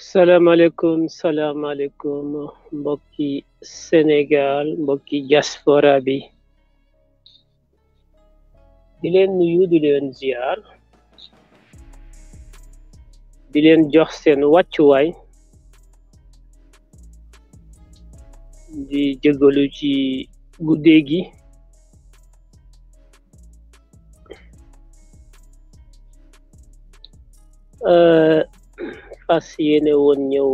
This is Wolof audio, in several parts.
salaamaaleykum salaamaaleykum mbokki Sénégal mbokki diaspora bi di leen nuyu di leen ziar di leen jox seen wàccuwaay di jégalu ci guddee gi euh, fas yéene woon ñëw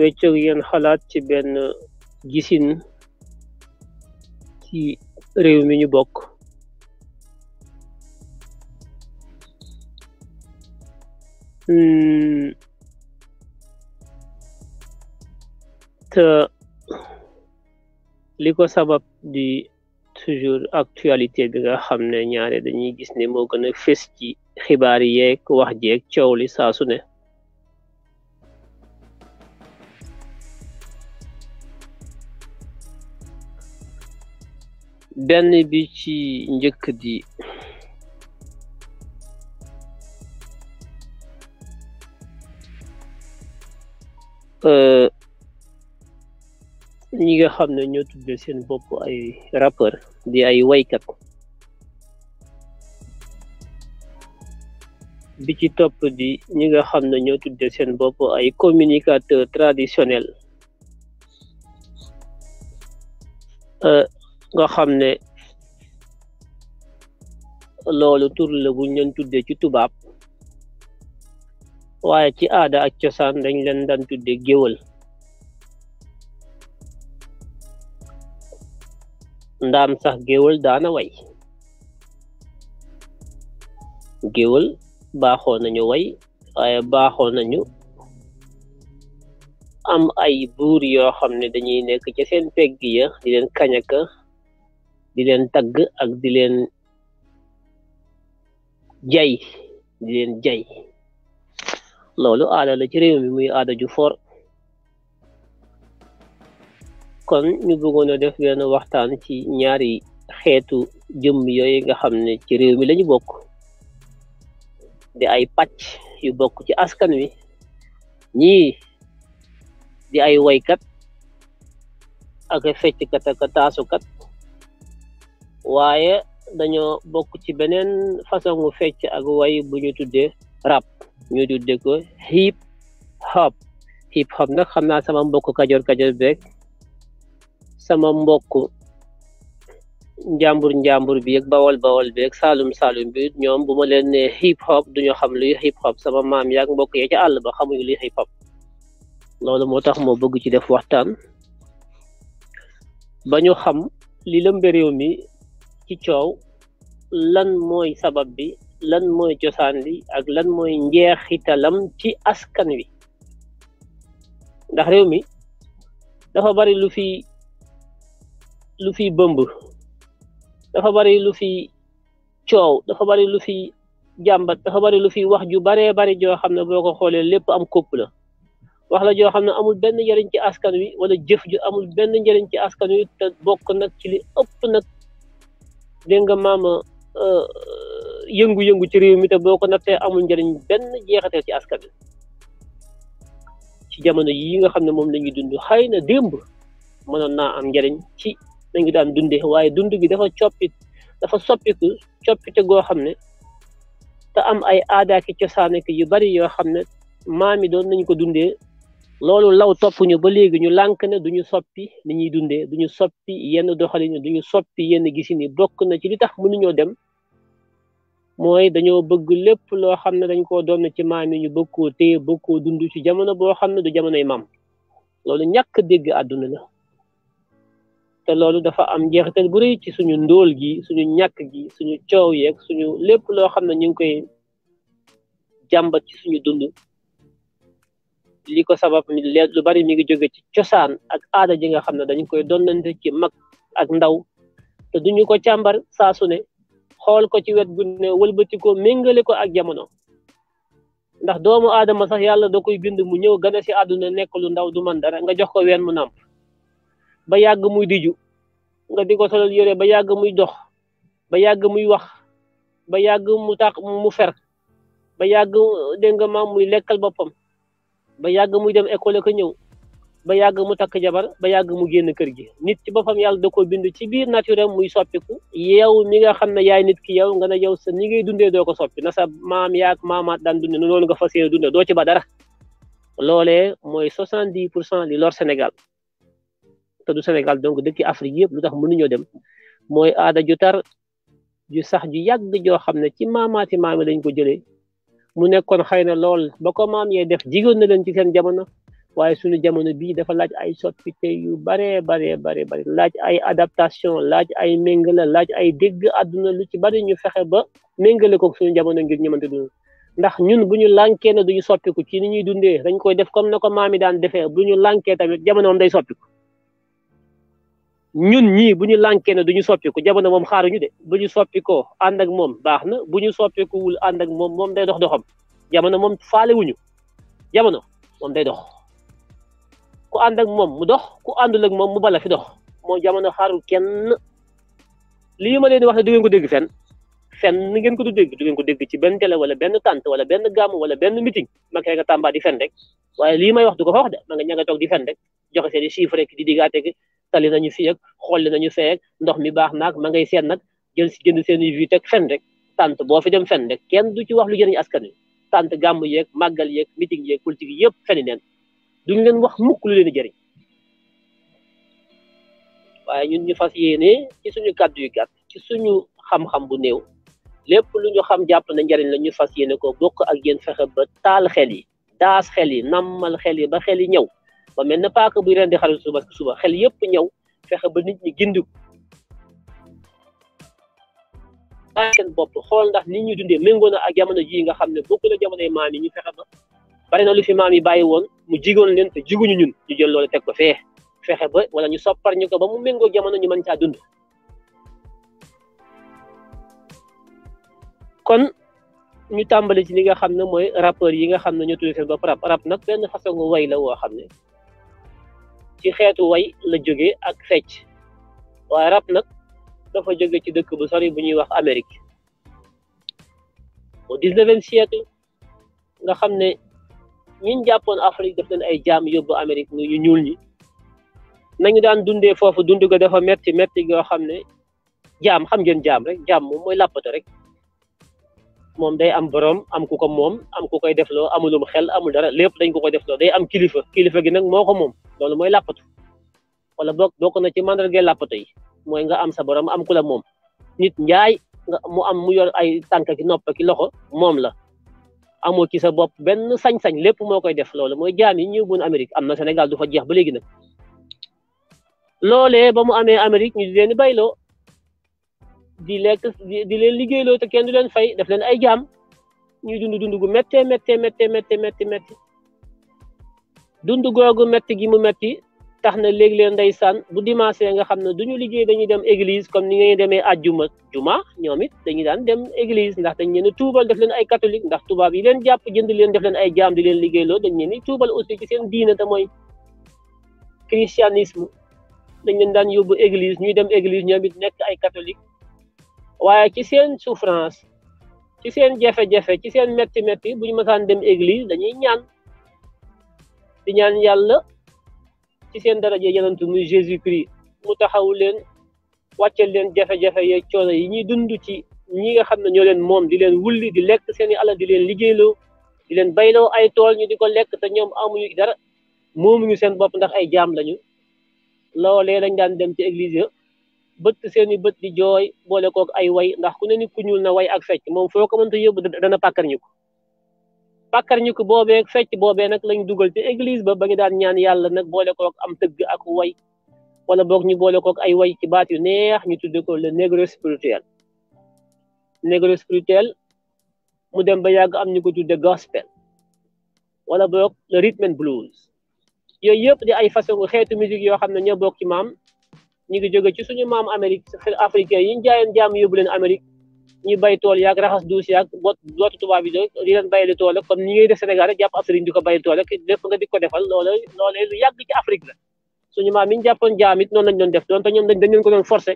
weccoog yéen xalaat ci benn gisin ci réew mi ñu bokk hmm. te li ko sabab di toujours actualité bi nga xam ne ñaare dañuy gis ne moo gën a fes ci xibaar yeeg wax jeeg coow li saasu ne benn bi ci njëkk di ñi nga xam ne ñoo tudde seen bopp ay rappeur di ay waykat bi ci top di ñi nga xam ne ñoo tudde seen bopp ay ah, communicateur traditionnel eh, nga xam ne loolu tur la bu leen tudde ci tubaab waaye ci aada ah, ak cosaan dañ leen daan tudde géwal ndaam sax géwal daana way géwal baaxoo nañu way waaye baaxoo nañu am ay buur yoo xam ne dañuy nekk ci seen pegg ya di leen kañaka di leen tagg ak di leen jay di leen jay loolu aada la ci réew mi muy aada ju for kon ñu bëggoon a def benn waxtaan ci ñaari xeetu jëm yooyu nga xam ne ci réew mi lañu bokk di ay pàcc yu bokk ci askan wi ñii di ay woykat ak fecckat ak taasukat waaye dañoo bokk ci beneen façon fecc ak woy bu ñu tuddee rap ñu tuddee ko hip hop hip hop nag xam naa sama mbokk kajoor kajoor beeg sama mbokk njàmbur njàmbur bi ak bawol bawol bi ak saalum saalum bi ñoom bu ma leen ne hip hop duñu xam luy hip hop sama maam yaak mbokk yee ca àll ba xamuñu luy hip hop loolu moo tax moo bëgg ci def waxtaan ba ñu xam lii lëmbe réew mi ci coow lan mooy sabab bi lan mooy cosaan li ak lan mooy njeexitalam ci askan wi ndax réew mi dafa bari lu fi lu fi bëmb dafa bari lu fi coow dafa bari lu fi jàmbat dafa bari lu fi wax ju baree bari joo xam ne boo ko xoolee lépp am kopp la wax la joo xam ne amul benn njariñ ci askan wi wala jëf ju amul benn njëriñ ci askan wi te bokk nag ci li ëpp nag dégg nga maama euh, yëngu-yëngu ci réew mi te boo ko nattee amul njëriñ benn jeexatee ci askan wi ci jamono yi nga xam ne moom la ñuy dund xëy na démb mënoon naa am njariñ ci nañu daan dunde waaye dund gi dafa coppi dafa soppiku coppite goo xam ne te am ay aadaaki cosaanaki yu bari yoo xam ne maam yi doon nañu ko dundee loolu law topp ba léegi ñu lank ne du ñu soppi ni ñuy dundee duñu soppi yenn doxalin ñu soppi yenn gisin yi bokk na ci li tax mënuñoo dem mooy dañoo bëgg lépp loo xam ne dañ koo doon ci maam yi ñu bëgg koo téye dund ci jamono boo xam ne du jamonoy maam loolu ñàkk dégg àdduna la te loolu dafa am njeexital gu rëy ci suñu ndóol gi suñu ñàkk gi suñu coow yeeg suñu lépp loo xam ne ñu ngi koy jàmbat ci suñu dund li ko sabab mi lu bari mi ngi jóge ci cosaan ak aada ji nga xam ne dañ koy doon donnante ci mag ak ndaw te duñu ko càmbar saa su ne xool ko ci wet gu ne wëlbati ko ko ak jamono ndax doomu aadama sax yàlla da koy bind mu ñëw gane si àdduna nekk lu ndaw du man dara nga jox ko ween mu nàmp ba yàgg muy diju nga di ko solal yore ba yàgg muy dox ba yàgg muy wax ba yàgg mu tax mu fer ba yàgg dégg nga maam muy lekkal boppam ba yàgg muy dem école ko ñëw ba yàgg mu takk jabar ba yàgg mu génn kër gi nit ci boppam yàlla da ko bind ci biir naturel muy soppiku yow ni nga xam ne yaay nit ki yow nga ne yow sa ni ngay dundee doo ko soppi na sa maam yaak maamaat daan dundee noonu nga fas yéene dundee doo ci ba dara loole mooy soixante-dix pour cent li lor Sénégal te du Sénégal donc dëkki Afrique yëpp lu tax ñoo dem mooy aada ju tar ju sax ju yàgg joo xam ne ci maamaati maami lañ ko jëlee mu nekkoon xëy na lool ba ko maam yee def jigéen na leen ci seen jamono waaye suñu jamono bii dafa laaj ay soppite yu baree baree bare bare laaj ay adaptation laaj ay méngale laaj ay dégg àdduna lu ci bari ñu fexe ba méngale ko suñu jamono ngir ñëmante dund ndax ñun bu ñu lànkee ne duñu soppiku ci ni ñuy dundee dañ koy def comme na ko maam yi daan defee bu ñu lànkee tamit jamono day soppiku ñun ñii bu ñu lànkee ne du ñu soppiku jamono moom xaaruñu de bu ñu soppikoo ànd ak moom baax na bu ñu soppikuwul ànd ak moom moom day dox doxam jamono moom faalewuñu jamono moom day dox ku ànd ak moom mu dox ku àndul ak moom mu bala fi dox moom jamono xaarul kenn lii ma leen di wax ne dégg ngeen ko dégg fenn ngeen ko du dégg du ngeen ko dégg ci benn télé wala benn tante wala benn gàmm wala benn meeting ma nga tamba di fen rek waaye lii may wax du ko fa de ma nga ña nga toog di fen rek joxe seen i chiffres rek di tali nañu fi ak xolli nañu feek ndox mi baax naag ma ngay seen nag jël si jënd seen i vue teg fenn rek tant boo fi dem fenn rek kenn du ci wax lu jëriñ askan wi tant gàmm yeeg màggal yeeg meeting yeeg politique yëpp feni neen duñ leen wax mukk lu leen jariñ waaye ñun ñu fas yéene ci suñu kàddu yu gàtt ci suñu xam-xam bu néew lépp lu ñu xam jàpp na njariñ la ñu fas yéene ko bokk ak yéen fexe ba taal xel yi daas xel yi nammal xel yi ba xel yi ñëw ba mel na paaka buy rendi xale suba suba xel yëpp ñaw fexe ba nit ñi gindu bopp xool ndax nit ñu dundee méngoo na ak jamono ji nga xam ne bokkul ak jamonoy maam yi ñu fexe ba bari na lu fi maam yi bàyyi woon mu jigoon leen te jiguñu ñun ñu jël loolu teg ko fee fexe ba wala ñu soppar ñu ko ba mu méngoo jamono ñu mën caa dund kon ñu tàmbali ci li nga xam ne mooy rappeurs yi nga xam ne ñoo tudd seen bopp rap rap nag benn façon way la woo xam ne ci xeetu way la jóge ak fecc waaye rab nag dafa jóge ci dëkk bu sori bu ñuy wax Amérique au dix-neuvième nga xam ne ñiñ jàppoon Afrique def leen ay jaam yóbbu Amérique ñu ñuul ñi nañu daan dundee foofu dund ga dafa metti metti goo xam ne jaam xam ngeen jaam rek jaam moom mooy làppato rek moom day am borom am ku ko moom am ku koy def defloo amulum xel amul dara lépp dañ ko koy defloo day am kilifa kilifa gi nag moo ko moom loolu mooy làppatu wala boog bokk na ci mandargay làppatu yi mooy nga am sa borom am ku la moom nit njaay nga mu am mu yor ay tànk ki loxo moom la amoo ci sa bopp benn sañ-sañ lépp moo koy def loolu mooy jaam yi ñëw woon am na Sénégal du fa jeex ba léegi nag loolee ba mu amee Amérique ñu di bayloo di lekk di leen liggéeyloo te kenn du leen fay def leen ay jaam ñuy dund dund gu méttee méttee méttee méttee métti métti dund googu métti gi mu metti tax na léegi leen ndeysaan bu dimanche nga xam ne ñu liggéey dañuy dem église comme ni nga demee àjjuma juma ñoom it dañuy daan dem église ndax dañ leen tuubal def leen ay catholique ndax tubaab yi leen jàpp jënd leen def leen ay jaam di leen liggéeyloo dañ leen tuubal aussi ci seen diine te mooy christianisme dañ leen daan yóbbu église ñuy dem église ñoom it nekk ay catholique waaye ci seen souffrance ci seen jafe-jafe ci seen metti metti bu ñu mësaan dem église dañuy ñaan di ñaan yàlla ci seen daraje yonent muy Jésus Christ mu taxaw leen wàcceel leen jafe-jafe yeeg coono yi ñi dund ci ñi nga xam ne ñoo leen moom di leen wulli di lekk seen ala di leen liggéeyloo di leen bayloo ay tool ñu di ko te ñoom amuñu dara moomuñu seen bopp ndax ay jaam lañu loolee lañ daan dem ci église ya. bët seeni bët di jooy boole kook ay way ndax ku ne nit ku ñuul na way ak fecc moom foo ko mënta yóbbu dana pàkkar ñu ko pàkkar ñu ko boobee fecc boobee nag lañ dugal te église ba ba ñu daan ñaan yàlla nag boole kook am tëgg ak woy wala boog ñu boole kook ay woy ci baat yu neex ñu tudde ko le négro spirituel négro spirituel mu dem ba yàgg am ñu ko tudde gospel wala boog le rhythm blues yooyu yëpp di ay façon xeetu musique yoo xam ne ñoo bokk ci maam ñu ngi jóge ci suñu maam Amérique africain yi ñu jaayoon jaam yóbbu leen Amérique ñu bay tool yaa raxas duus yaag bot lootu tubaab bi do di leen bayli tool comme ni ngay def Sénégal rek jàpp Afrique di ko bay tool rek def nga di ko defal loolu loolu lu yàgg ci Afrique la suñu maam yi ñu jàppoon jaam it noonu lañ doon def donte ñoom dañ leen ko doon forcé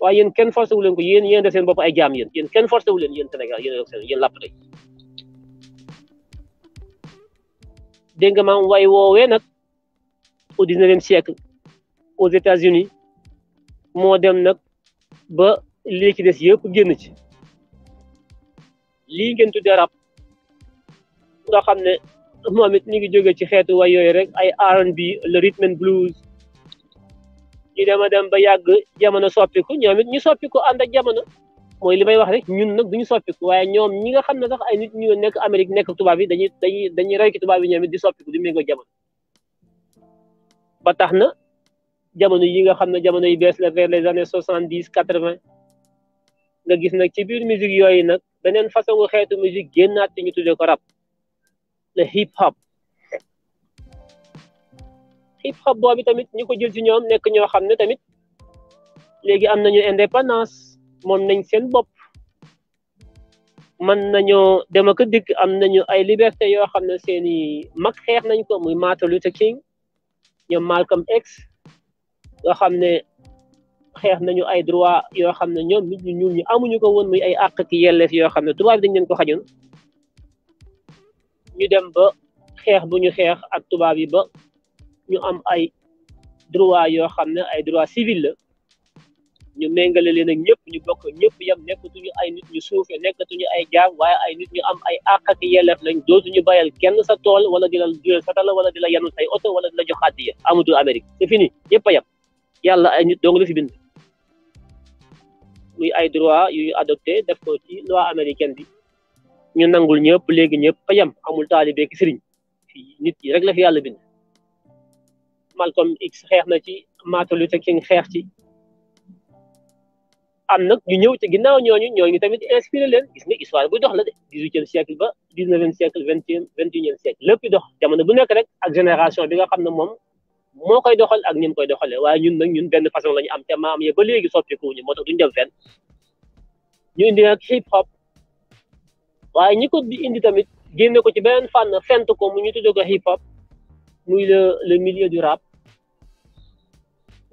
waaye yéen kenn forcé wu leen ko yéen yéen def seen bopp ay jaam yéen yéen kenn forcé wu leen yéen Sénégal yéen yéen làpp day dégg nga maam way woowee nag au dix-neuvième siècle aux États-Unis moo dem nag ba lii ci des yëpp génn ci lii ngeen tuddee rap nga xam ne moom it ñu ngi jóge ci xeetu way yooyu rek ay R&B le rhythm and blues ñu dem a dem ba yàgg jamono soppiku ñoom it ñu soppiku ànd ak jamono mooy li may wax rek ñun nag ñu soppiku waaye ñoom ñi nga xam ne sax ay nit ñu nekk Amérique nekk tubaab yi dañuy dañuy dañuy roy ci tubaab yi ñoom it di soppiku di méngoo jamono ba tax na jamono yi nga xam ne jamono yu bees la vers les années soixante dix quatre vingt nga gis nag ci biir musique yooyu nag beneen façon nga xeetu musique génnaat ci ñu tuddee ko rab le hip hop. hip hop boobu tamit ñu ko jël ci ñoom nekk ñoo xam ne tamit léegi am nañu indépendance moom nañ seen bopp mën nañoo dem ak dikk am nañu ay liberté yoo xam ne seen i mag xeex nañ ko muy Martin Luther King ñoom Malcolm X. yoo xam ne xeex nañu ay droit yoo xam ne ñoom nit ñu ñuul ñi amuñu ko woon muy ay àq ki yelleef yoo xam ne tubaab dañ leen ko xajoon ñu dem xeex bu ñu xeex ak tubaab yi ba ñu am ay droit yoo xam ne ay droit civil la ñu méngale leen ak ñëpp ñu bokk ñëpp yam nekkatuñu ay nit ñu suufe nekkatuñu ay jaam waaye ay nit ñu am ay ak ak yelleef lañ ñu bayal kenn sa tool wala di la juyal satala wala di la yanu say oto wala di la jox àddiya amatul Amérique c'est fini ñëpp yam yàlla ay nit dong la fi bin muy ay droit yu adopte adopté def ko ci loi américaine bi ñu nangul ñëpp léegi ñëpp a amul taalibe ki sëriñ fii nit yi rek la fi yàlla bind Malcolm X xeex na ci Martin Luther King xeex ci am nag ñu ñëw ci ginnaaw ñooñu ñooñu tamit inspiré leen gis nga histoire buy dox la de dix-huitième siècle ba dix-neuvième siècle vingtième vingt et unième siècle dox jamono bu nekk rek ak génération bi nga xam na moom moo koy doxal ak ñun koy doxalee waaye ñun nag ñun benn façon la ñu am te maam ya ba léegi soppikuwuñu moo tax duñu dem fenn ñu indi nag hip hop waaye ñi ko di indi tamit génne ko ci beneen fànn fent ko mu ñu tuddee ko hip hop muy le le milieu du rap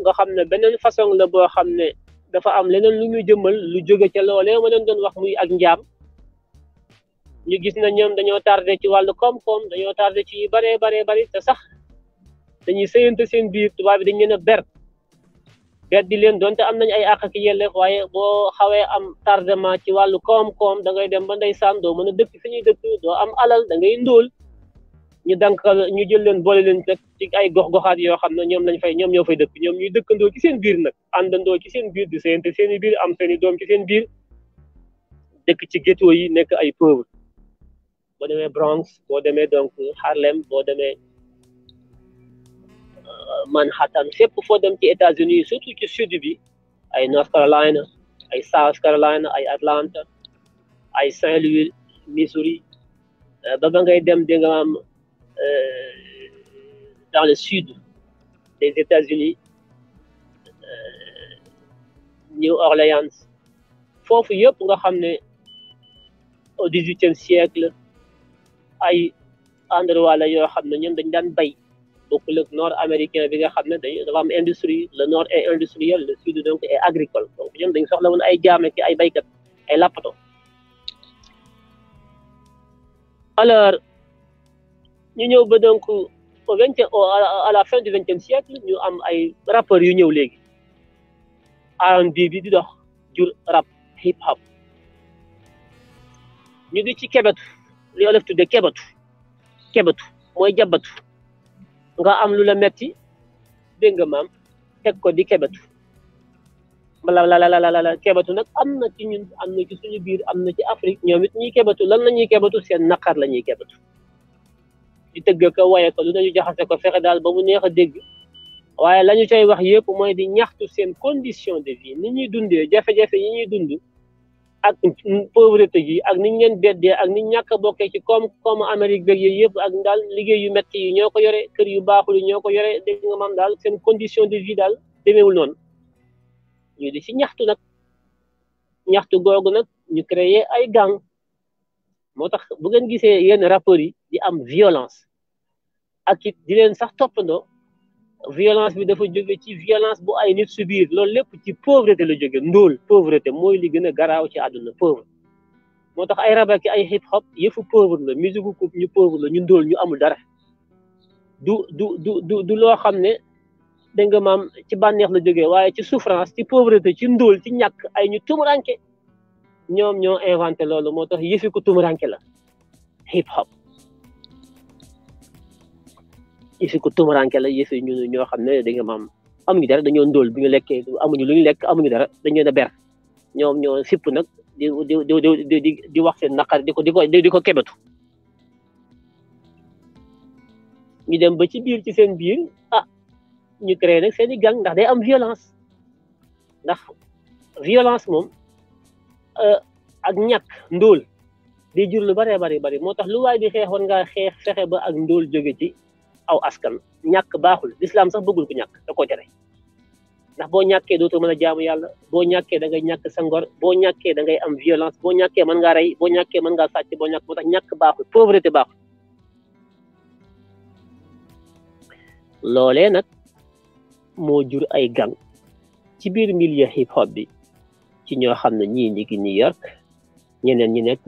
nga xam ne beneen façon la boo xam ne dafa am leneen lu muy jëmmal lu jóge ca loolee ma leen doon wax muy ak njaam ñu gis na ñoom dañoo tardé ci wàll koom-koom dañoo tardé ci yu baree baree bari te sax. dañuy sëyante seen biir tubaab bi dañ leen a ber di leen donte am nañ ay àq ak yelleef waaye boo xawee am targement ci wàllu koom-koom da ngay dem ba ndeysaan doo mën a dëkk fi ñuy dëkk doo am alal da ngay ndóol ñu dankal ñu jël leen boole leen rek ci ay gox-goxaat yoo xam ne ñoom lañ fay ñoom ñoo fay dëkk ñoom ñuy dëkkandoo ci seen biir nag àndandoo ci seen biir di sëyante seen biir am seen i doom ci seen biir dëkk ci ghetto yi nekk ay pauvre boo demee Bronx boo demee donc Harlem boo demee Manhattan fépp foo dem ci États-Unis surtout ci sud bi ay North Carolina ay South Carolina ay Atlanta ay Saint-Louis Missouri euh, ba ba ngay dem di nga am euh, dans le sud des États-Unis euh, New Orleans foofu yëpp nga xam au 18e siècle ay endroit la yoo xam ne dañ daan bay bokkul ak nord américain bi nga xam ne dañuy dafa am industrie le nord est industriel le sud donc est agricole donc dañu soxla woon ay jaame ki ay baykat ay làppato alors ñu ñëw ba donc au vingt à la fin du vingtième siècle ñu am ay rappeurs yu ñëw léegi R&B bi di dox jur rap hip hop ñu di ci kebetu li olof tudde kebetu kebetu mooy jabatu nga am lu la metti dégg nga maam teg ko di kebetu bala la la la kebetu nag am na ci ñun am na ci suñu biir am na ci Afrique ñoom it ñuy kebetu lan la ñuy kebetu seen naqar la ñuy kebetu di tëgg ko waye ko lu dañu jaxase ko fexe daal ba mu neex a dégg waaye lañu ñu cay wax yëpp mooy di ñaxtu seen condition de vie ni ñuy dundee jafe-jafe yi ñuy dund ak pauvreté gi ak niñ leen beddee ak niñ ñàkk a bokkee ci koom-koomu Amérique beeg yooyu yëpp ak daal liggéey yu metti yi ñoo ko yore kër yu baaxul yu ñoo ko yore dégg nga maam daal seen condition de vie daal demewul noon ñu di ci ñaxtu nag ñaxtu googu nag ñu créer ay gang moo tax bu ngeen gisee yenn rapport yi di am violence ak it di leen sax toppandoo violence bi dafa jóge ci violence bu ay nit subir loolu lépp ci pauvreté la jóge ndóol pauvreté mooy li gën a garaaw ci àdduna pauvre moo tax ay rab ak ay hip hop yëfu pauvre la musique ku ñu pauvre la ñu ndóol ñu amul dara du du du du du loo xam ne dégg nga maam ci bànneex la jóge waaye ci souffrance ci pauvreté ci ndóol ci ñàkk ay ñu tumuranke ñoom ñoo inventé loolu moo tax yëfi ko tumuranke la hip hop il faut que tumuraanke ñu il faut ñoo xam ne da maam am amuñu dara dañoo ndóol bu ñu lekkee amuñu lu ñu lekk amuñu dara dañoo da ber ñoom ñoo sipp nag di di di wax seen naqar di ko di ko di ko kebetu dem ba ci biir ci seen biir ah ñu créé nag seen i gang ndax day am violence ndax violence moom euh, ak ñàkk ndóol di jur lu bëree bari bari moo tax lu waay di xeex war ngaa xeex fexe ba ak ndóol jóge ci aw askan ñak baxul l'islam sax bëggul ku ñak da ko téré ndax bo ñaké dootoo mëna jaamu yalla bo ñaké da ngay ñak sangor bo ñaké da ngay am violence bo ñaké man nga ray bo ñaké man nga sacc bo ñak motax ñak baxul pauvreté lolé nak mo jur ay gang ci bir milieu hip hop bi ci ño xam ñi ñi New York ñeneen ñi nekk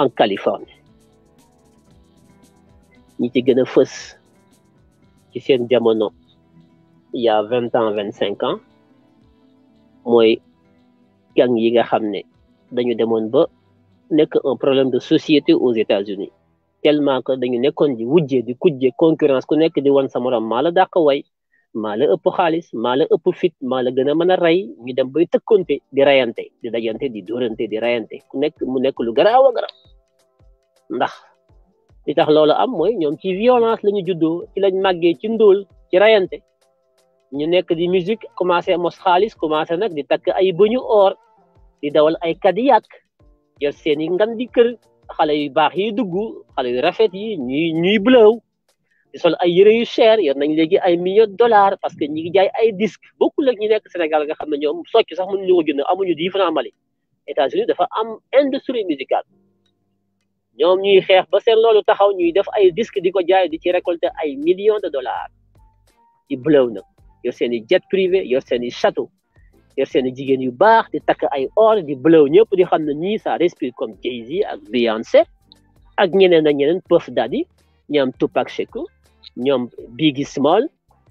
en Californie ñi ci gëna fess ci seen jamono ya y a vingt ans vingt cinq ans mooy gang yi nga xam ne dañu demoon ba nekk un problème de société aux États-Unis tellement que dañu nekkoon di wujjee di kuje concurrence ku nekk di wan sa morom maa la dàq way maa la ëpp xaalis maa la ëpp fit maa la gën a mën a rey ñu dem bay tëkkonte di rayanté di dajante di dóorante di rayanté ku nekk mu nekk lu garaaw a garaaw ndax li tax loolu am mooy ñoom ci violence la ñu juddoo ci lañ màggee ci ndóol ci rayante ñu nekk di musique commencé mos xaalis commencé nag di takk ay bëñu or di dawal ay kadiyak yor seen yi ngan di kër xale yu baax yi dugg xale yu rafet yi ñuy ñuy blëw di sol ay yëre yu cher yor nañ léegi ay millions de parce que ñi ngi jaay ay disque bokkul ak ñi nekk Sénégal nga xam ne ñoom socc sax mënuñu ko jënd amuñu dix francs Mali unis dafa am industrie musicale ñoom ñuy xeex ba seen loolu taxaw ñuy def ay disque di ko jaay di ci récolter ay millions de dollars ci bëlew na yor seen i jet privé yor seen i château yor seen i jigéen yu baax di takk ay or di bëlew ñëpp di xam ne ñii ça respire comme Jay-Z ak Beyoncé ak ñeneen ak ñeneen Puff Daddy ñoom Tupac Shakur ñoom Biggie Small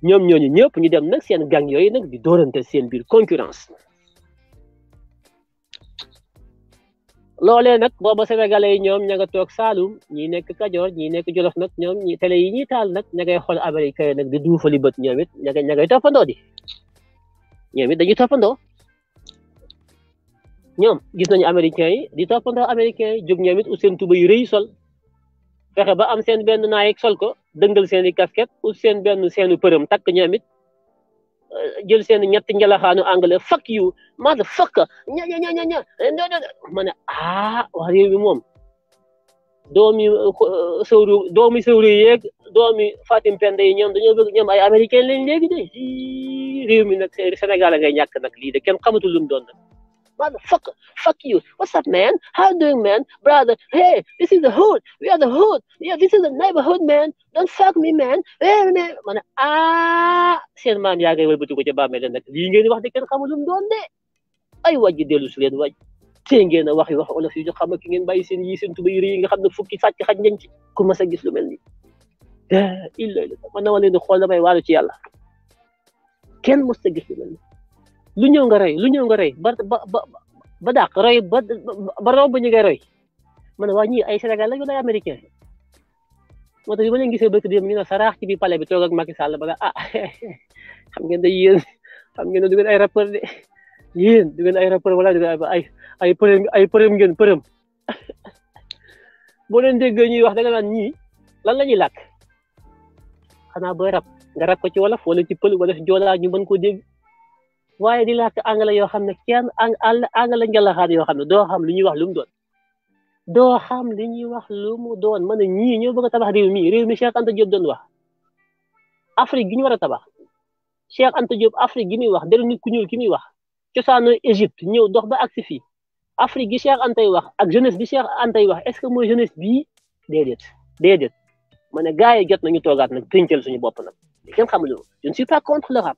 ñoom ñooñu ñëpp ñu dem na seen gang yooyu nag di dóorante seen biir concurrence loolee nag booba sénégalais yi ñoom ña toog Saalum ñi nekk Kajoor ñi nekk Jolof nag ñoom ñi télé yi ñuy taal nag ña ngay xool américain nag di duufali bët ñoom it ña ngay ña ngay toppandoo di ñoom it dañuy toppandoo ñoom gis nañu américain yi di toppandoo américain yi jóg ñoom u ut seen tuba yu rëy sol fexe ba am seen benn naayeg sol ko dëngal seen i casquette ut seen benn seenu përëm takk ñoom jël seen ñetti njalaxaanu anglais fuck you motherfucker ña ña ña ña ña ma ne ah wax réew mi moom doomi euh, sëwru doomi sëwru yeeg doomi Fatim Penda yi ñoom dañoo bëgg ñoom ay américain lañ léegi de réew mi nag Sénégal ngay ñàkk nag lii de kenn xamatul lu doon motherfucker, fuck you. What's up, man? How you doing, man? Brother, hey, this is the hood. We are the hood. Yeah, this is the neighborhood, man. Don't fuck me, man. Hey, man. Mana, ah, siya man yagay wal buti ko siya ba, meron na, hindi nga wax di ka de. Ay, wag yung delus rin, wag. Tiyan nga na waxi wax olaf yu xam ak ngeen bàyyi seen yi seen tubay yi nga xam ne fukki sàcc xaj gis lu ni la ilaha illallah man na ma leen di xool damay waalu ci yàlla gis lu ni lu ñew nga rey lu ñew nga rey ba ba ba ba dàq roy ba ba romb ñu ngay roy mané ne waa ay Sénégal lañu ay américain moo tax bi ma leen gisee bëkk dem ñu na saraax ci bi palé bi tok ak Macky Sall ba ah xam ngeen da yeen xam ngeen du ngeen ay rapper de yeen du ngeen ay rapper wala du ngeen ay ay përëm ay përëm ngeen përëm bo leen déggee ñuy wax da nga naan ñi lan lañuy lak xana xanaa rap nga rap ko ci fo la ci pël wala ci ñu mën ko dégg waye di lak angale yo xamne kenn ang al angale ngelaxaat xat yo xamne do xam li ñuy wax lu mu doon do xam li ñuy wax lu mu doon man ñi ñu bëgg tabax rew mi rew mi Cheikh Anta job doon wax Afrique gi ñu wara tabax Cheikh Anta job Afrique gi ñuy wax dellu nit ku ñuul ki ñuy wax ci cosaanoo egypte ñew dox ba ak fi Afrique gi Cheikh anta wax ak jeunesse bi Cheikh anta wax est-ce que moy jeunesse bi dedet dedet mané gaay jot nañu togaat nak teñcel suñu bop nak kenn xamul je ne suis pas contre l'Europe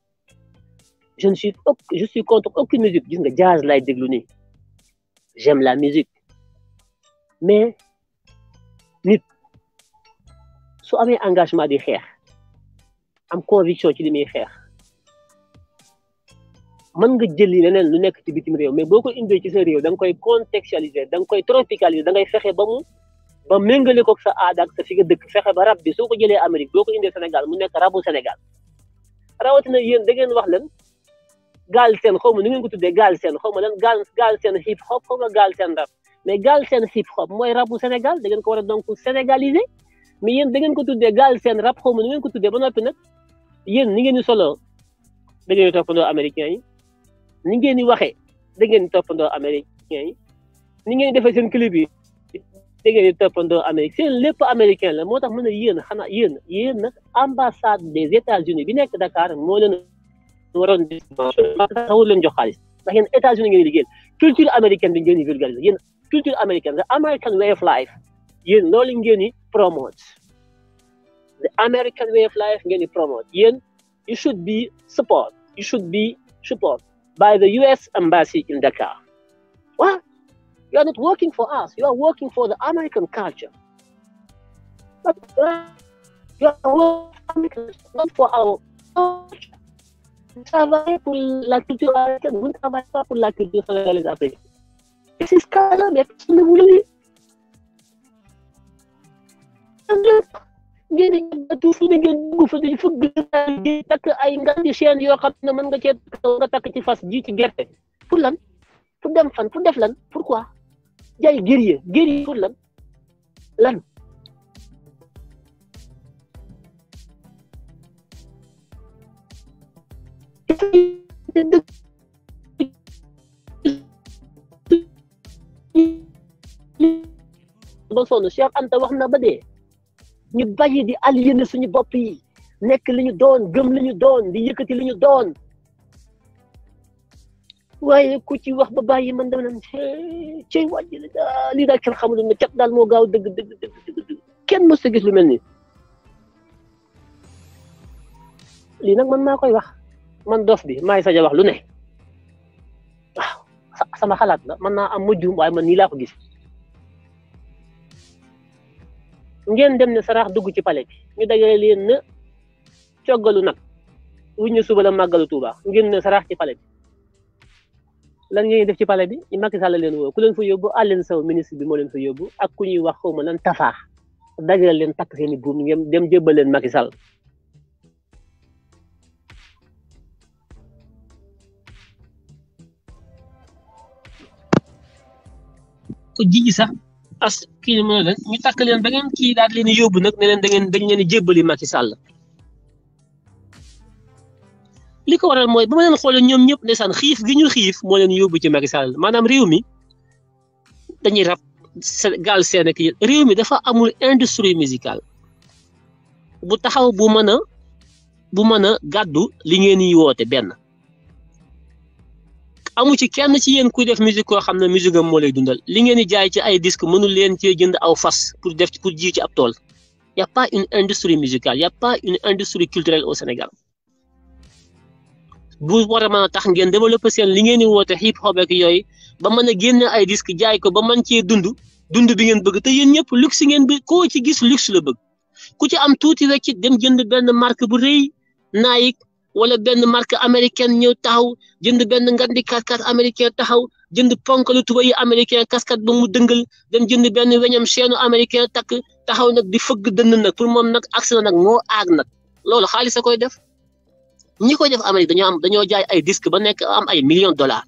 je ne suis je suis contre aucune musique gis nga jazz laay déglu nii j'aime la musique mais nit so amee engagement di xeex am conviction ci li muy xeex mën nga jël leneen lu nekk ci bitim réew mais boo ko indee ci sa réew da nga koy contextualiser da nga koy tropicaliser da ngay fexe ba mu ba méngale ko sa aada ak sa fi nga dëkk fexe ba rab bi soo ko jëlee Amérique boo ko indee Sénégal mu nekk rabu Sénégal rawatina yéen da ngeen wax leen. gaal seen xaw ma nu ngeen ko tudde gaal seen xaw ma lan gaal gaal seen hip hop xaw ma gaal seen rap mais gaal seen hip hop mooy rapu Sénégal da ngeen ko war a donc sénégaliser mais yéen da ngeen ko tuddee gaal seen rap xaw ma nu ngeen ko tuddee ba noppi nag yéen ni ngeen di solo da ngeen di toppandoo américain yi ni ngeen di waxee da ngeen di toppandoo américain yi ni ngeen di defee seen clip yi da ngeen di toppandoo amérique seen lépp américain la moo tax mën a yéen xana yéen yéen nag ambassade des bi nekk Dakar moo leen waroon di xawul leen jox xaalis ndax yéen États-Unis ngeen liggéeyal culture américaine bi ngeen di vulgariser yéen culture américaine the American way of life yéen loolu ngeen di promote the American way of life ngeen di promote yéen you should be support you should be support by the US embassy in Dakar what you are not working for us you are working for the American culture uh, you are working for our culture trabalha por lateral, un trabaja por lateral legales a veces. Esa escala me persona vuelve. Jadi tufu ne ngeen dugg fa dañu fëgg di takk ay ngandi chaîne yoo xam ne mën nga cee nga takk ci fas ji ci gerte pour lan pour dem fan pour def lan pourquoi jaay guerrier guerrier pour lan lan ba sonn Cheikh Anta wax na ba dee ñu bàyyi di aliéné suñu bopp yi nekk li ñu doon gëm li ñu doon di yëkkati li ñu doon waaye ku ci wax ba bàyyi man dama naan cey wàjji li daal lii daal kenn xamul ne cat daal moo gaaw dëgg dëgg dëgg kenn mës a gis lu mel nii nag man maa koy wax man dof bi maay saja wax lu ne ah, sama xalaat la mën naa am mujjum waaye man ko gis ngeen dem ne sarax dugg ci palais bi ñu dajale len ne ciogalu nak wuñu suba la màggalu Tuuba ngeen ne sarax ci palais bi lan ngeen def ci palais bi Macky Sall len wo ku len fa yobbu alen saw ministre bi mo len fa yobbu ak ku ñuy wax xawma lan tafax dajale len tak seen buum ngeen dem jebal len Macky Sall ko jiji sax as kii mu ne leen ñu tàkk leen ba ngeen kii daal leen yóbbu nag ne leen da ngeen dañ leen jébbali Macky Sall li ko waral mooy ba ma leen xoolee ñoom ñëpp ndeysaan xiif gi ñu xiif ci Macky Sall mi dañuy seen ak mi dafa amul industrie musicale bu taxaw bu gadu a bu mën a li ngeen benn amu ci kenn ci yéen kuy def musique koo xam ne musique am moo lay dundal li ngeen di jaay ci ay disque mënul leen cee jënd aw fas pour def pour ji ci ab tool y' a pas une industrie musicale y' pas une industrie culturelle au senegal bu war a mën a tax ngeen développé seen li di woote hip hop ak yooyu ba mën a ay disque jaay ko ba mën cee dund dund bi ngeen bëgg te yéen ñëpp luxe ngeen bi koo ci gis luxe la bëgg ku ci am tuuti rek dem jënd benn marque bu rëy Nike wala benn marque américaine ñëw taxaw jënd benn ngandi kaskat américain taxaw jënd ponkalu tuba yi américain kaskat ba mu dëngal dem jënd benn weñam seenu américain takk taxaw nag di fëgg dënn nag pour moom nag agsi na nag moo aag nag loolu xaalis koy def ñi koy def Amérique dañoo am dañoo jaay ay disque ba nekk am ay millions dollars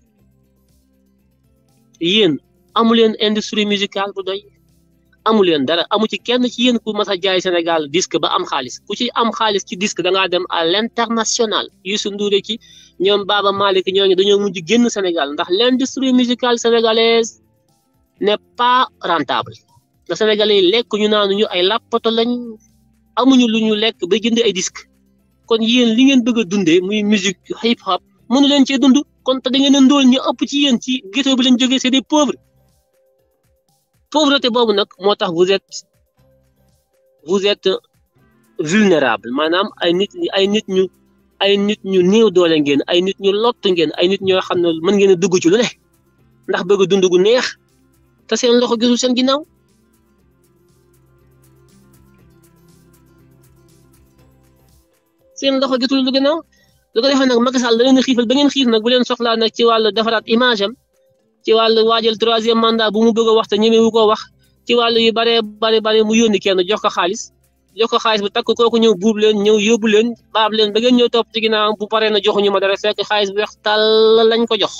yéen amu leen industrie musicale bu doy amu leen dara amu ci kenn ci yéen ku mas a jaay Sénégal disque ba am xaalis ku am xaalis ci disque da ngaa dem à l'international Youssou Ndour ci ñoom Baba Malick ñooñu dañoo mujj génn Sénégal ndax l'industrie musicale sénégalaise n'est pas rentable ndax sénégalais yi lekk ñu naanuñu ay làppato lañ amuñu lu ñu lekk ba jënd ay disque kon yéen li ngeen bëgg a dundee muy musique hip hop mënu leen cee dund kon te da ngeen a ndóol ñu ëpp ci yéen ci ghetto bi lañ jógee c'est des pauvres pauvreté bobu nak motax vous êtes vous êtes vulnérable manam ay nit ay nit ñu ay nit ñu néew doole ngeen ay nit ñu lott ngeen ay nit ñoo xamne ne mën ngeen dugg ci lu ne ndax bëgg a dund gu neex ta seen loxo gisul seen ginnaaw seen loxo gisul lu ginnaaw lu ko defee nak makassal da leen xifal ba ngeen xif nak bu leen soxla nak ci walu defaraat image am ci wàllu waajal troisième mandat bu mu bëgg a wax te ñemewu ko wax ci wàllu yu baree bare bare mu yónni kenn jox ko xaalis jox ko xaalis bu takk kooku ñëw buub leen ñëw yóbbu leen baab leen ba ngeen ñëw topp ci ginnaawam bu paree na joxuñu ma dara fekk xaalis bu weex tàll lañ ko jox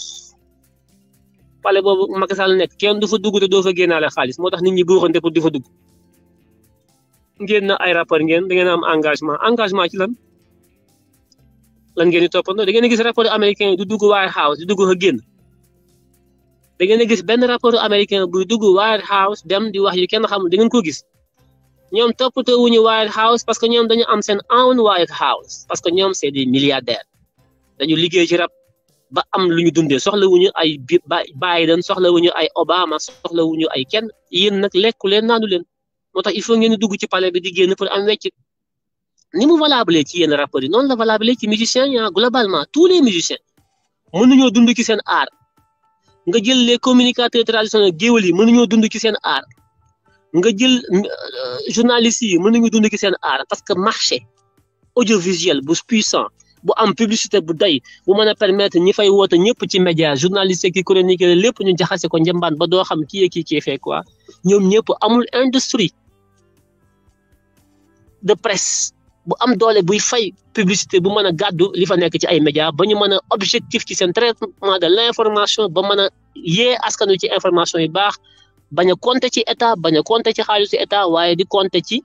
pale boobu Macky Sall nekk kenn du fa dugg te doo fa génnaale xaalis moo tax nit ñi buuxante pour du fa dugg na ay rapport ngeen da ngeen am engagement engagement ci lan lan ngeen di toppandoo da ngeen gis rapport américain du dugg White House du dugg a génn da ngeen a gis benn rapport américain buy dugg White House dem di wax yu kenn xamul da ngeen ko gis ñoom top toppatoo wuñu White House parce que ñoom dañu am seen own White House parce que ñoom c'est des milliardaires dañu liggéey ci rab ba am lu ñu dundee soxla wuñu ay Biden soxla wuñu ay Obama soxla wuñu ay kenn yéen nag lekku leen naanu leen moo tax il faut ngeen dugg ci palais bi di génn pour am wecc ni mu valable ci yenn rapport yi noonu la valable ci musiciens yi ah, globalement tous les musiciens mënuñoo dund ci seen art nga jël les communicateurs traditionnels géwél yi mënuñoo dund ci seen aar nga jël euh, journalistes yi mënuñu dund ci seen aar parce que marché audiovisuel bu puissant bu am publicité bu day bu mën a permettre ñi fay woote ñëpp ci média journaliste ki chronique lépp ñu jaxase ko njëmbaan ba doo xam kii kii kii fee quoi ñoom ñëpp amul industrie de presse bu am doole buy fay publicité bu mën a gàddu li fa nekk ci ay médias ba ñu mën a objectif ci seen traitement de l'information ba mën a yee askan wi ci information yu baax bañ a compter ci état bañ a compter ci xaalisu état waaye di conté ci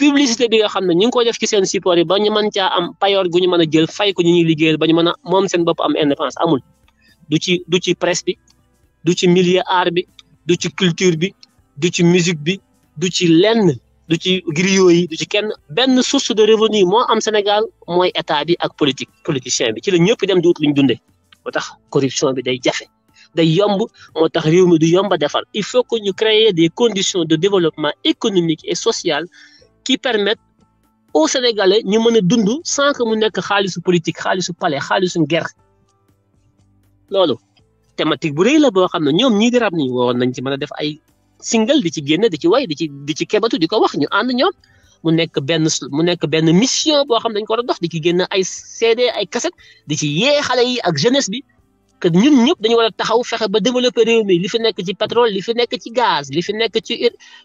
publicité bi nga xam ne ñu ngi ko def ci seen support yi ba ñu mën ca am payoor gu ñu mën a jël fay ko ñu ñuy liggéeyal ba ñu mën a moom seen bopp am indépendance amul du ci du ci presse bi du ci millier art bi du ci culture bi du ci musique bi du ci lenn. du ci griot yi du ci kenn benn source de revenu moo am Sénégal mooy état bi ak politique politicien bi ci la ñëpp dem di wut lu ñu dundee moo tax corruption bi day jafe day yomb moo tax réew mi du yomb a defar il faut que ñu créer des conditions de développement économique et social qui permettent aux Sénégalais ñu mën a dund sans que mu nekk xaalisu politique xaalisu palais xaalisu guerre loolu thématique bu rëy la boo xam ne ñoom ñii di rab ni waroon nañ ci mën a def ay single di ci génn di ci way di ci ci kebatu di ko wax ñu ànd ñoom mu nekk benn mu nekk benn mission boo xam dañ ko war a dox di ci génn ay CD ay cassette di ci yee xale yi ak jeunesse bi que ñun ñëpp dañu war a taxaw fexe ba développer réew mi li fi nekk ci pétrole li fi nekk ci gaz li fi nekk ci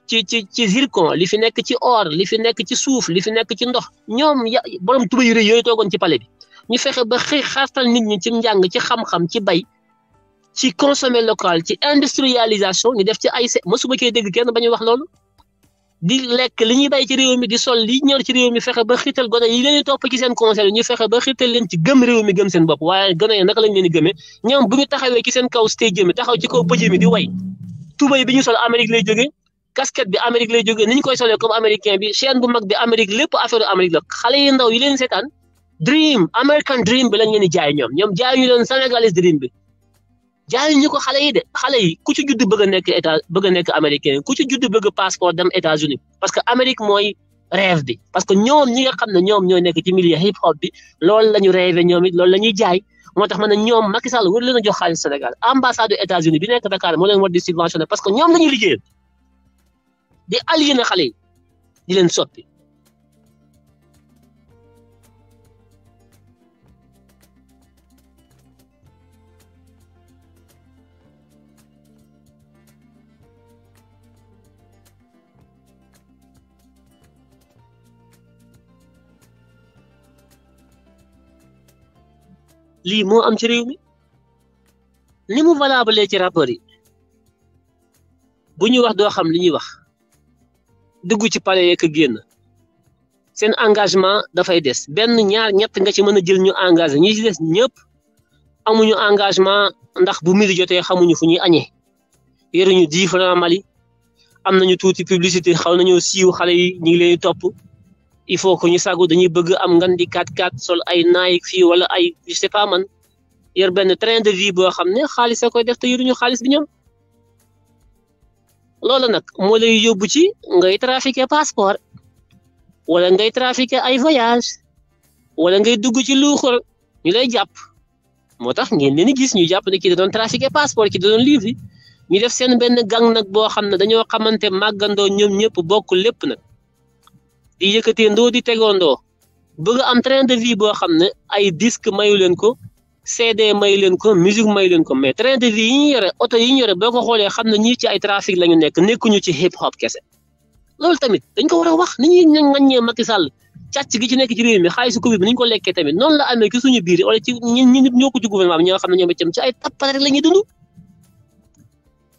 ci ci ci zircon li fi nekk ci or li fi nekk ci suuf li fi nekk ci ndox ñoom ya borom tuba yu yooyu toogoon ci pale bi ñu fexe ba xëy xaastal nit ñi ci njàng ci xam-xam ci bay ci consommer local ci industrialisation ñu def ci ay se mosuma cee dégg kenn ba wax loolu di lekk li ñuy bay ci réew mi di sol li ñor ci réew mi fexe ba xiital gone yi leen topp ci seen conseil ñu fexe ba xiital leen ci gëm réew mi gëm seen bopp waaye gone yi naka lañ leen di gëmee ñoom bu ñu taxawee ci seen kaw stage mi taxaw ci kaw pëj mi di way tubay bi ñu sol Amérique lay jógee casquette bi Amérique lay jógee ni ñu koy solee comme américain bi chaîne bu mag bi Amérique lépp affaire yi ndaw yi leen seetaan dream American dream bi lañ ñu leen Sénégalais dream bi jaay ñu ko xale yi de xale yi ku ci judd bëgg a nekk état bëgg a nekk ku ci judd bëgg passeport dem États-Unis parce que Amérique mooy rêve bi parce que ñoom ñi nga xam ne ñoom ñooy nekk ci milieu hip hop bi loolu la ñu rêvé ñoom it loolu la ñuy jaay moo tax ma ne ñoom Macky Sall war leen a jox xaalis Sénégal ambassade des États-Unis bi nekk Dakar moo leen war di subventionné parce que ñoom la ñuy di aliéné xale di leen sopi lii moo am ci réew mi ni mu valable ci rapport yi bu ñuy wax doo xam li ñuy wax dugg ci palais yeeg génn seen engagement dafay des benn ñaar ñett nga ci mën a jël ñu engagé ñi ci des ñëpp amuñu engagement ndax bu midi jotee xamuñu fu ñuy añee yoruñu dix francs Mali am nañu tuuti publicité xaw nañoo siiw xale yi ñu ngi leen topp. il faut que ñu sagu dañuy bëgg am ngan di 4-4 sol ay Nike fii wala ay je sais pas man yor benn train de vie boo xam ne xaalis a koy def te yoruñu xaalis bi ñoom loolu nag moo lay yóbbu ci ngay trafiquer passeport wala ngay trafiquer ay voyage wala ngay dugg ci luuxur ñu lay jàpp moo ngeen leen gis ñu jàpp ne ki da doon trafiquer passeport ki da doon livre ñu def seen benn gang nag boo xam ne dañoo xamante màggandoo ñoom ñëpp bokk lépp nag di yëkkateendoo di tegoondoo bëgg am train de vie boo xam ne ay disque mayu leen ko CD mayu leen train de vie yi ñu yore oto yi yore boo ko xoolee xam ne ñii ci ay trafic la ñu nekk nekkuñu ci hip hop kese loolu tamit dañ ko war a wax ni ñuy Sall càcc gi ci ci réew mi xaalisu Covid bi ko lekkee tamit noonu la amee ci wala ci ñi ñi ñoo ko ci gouvernement bi ci ay tappat rek la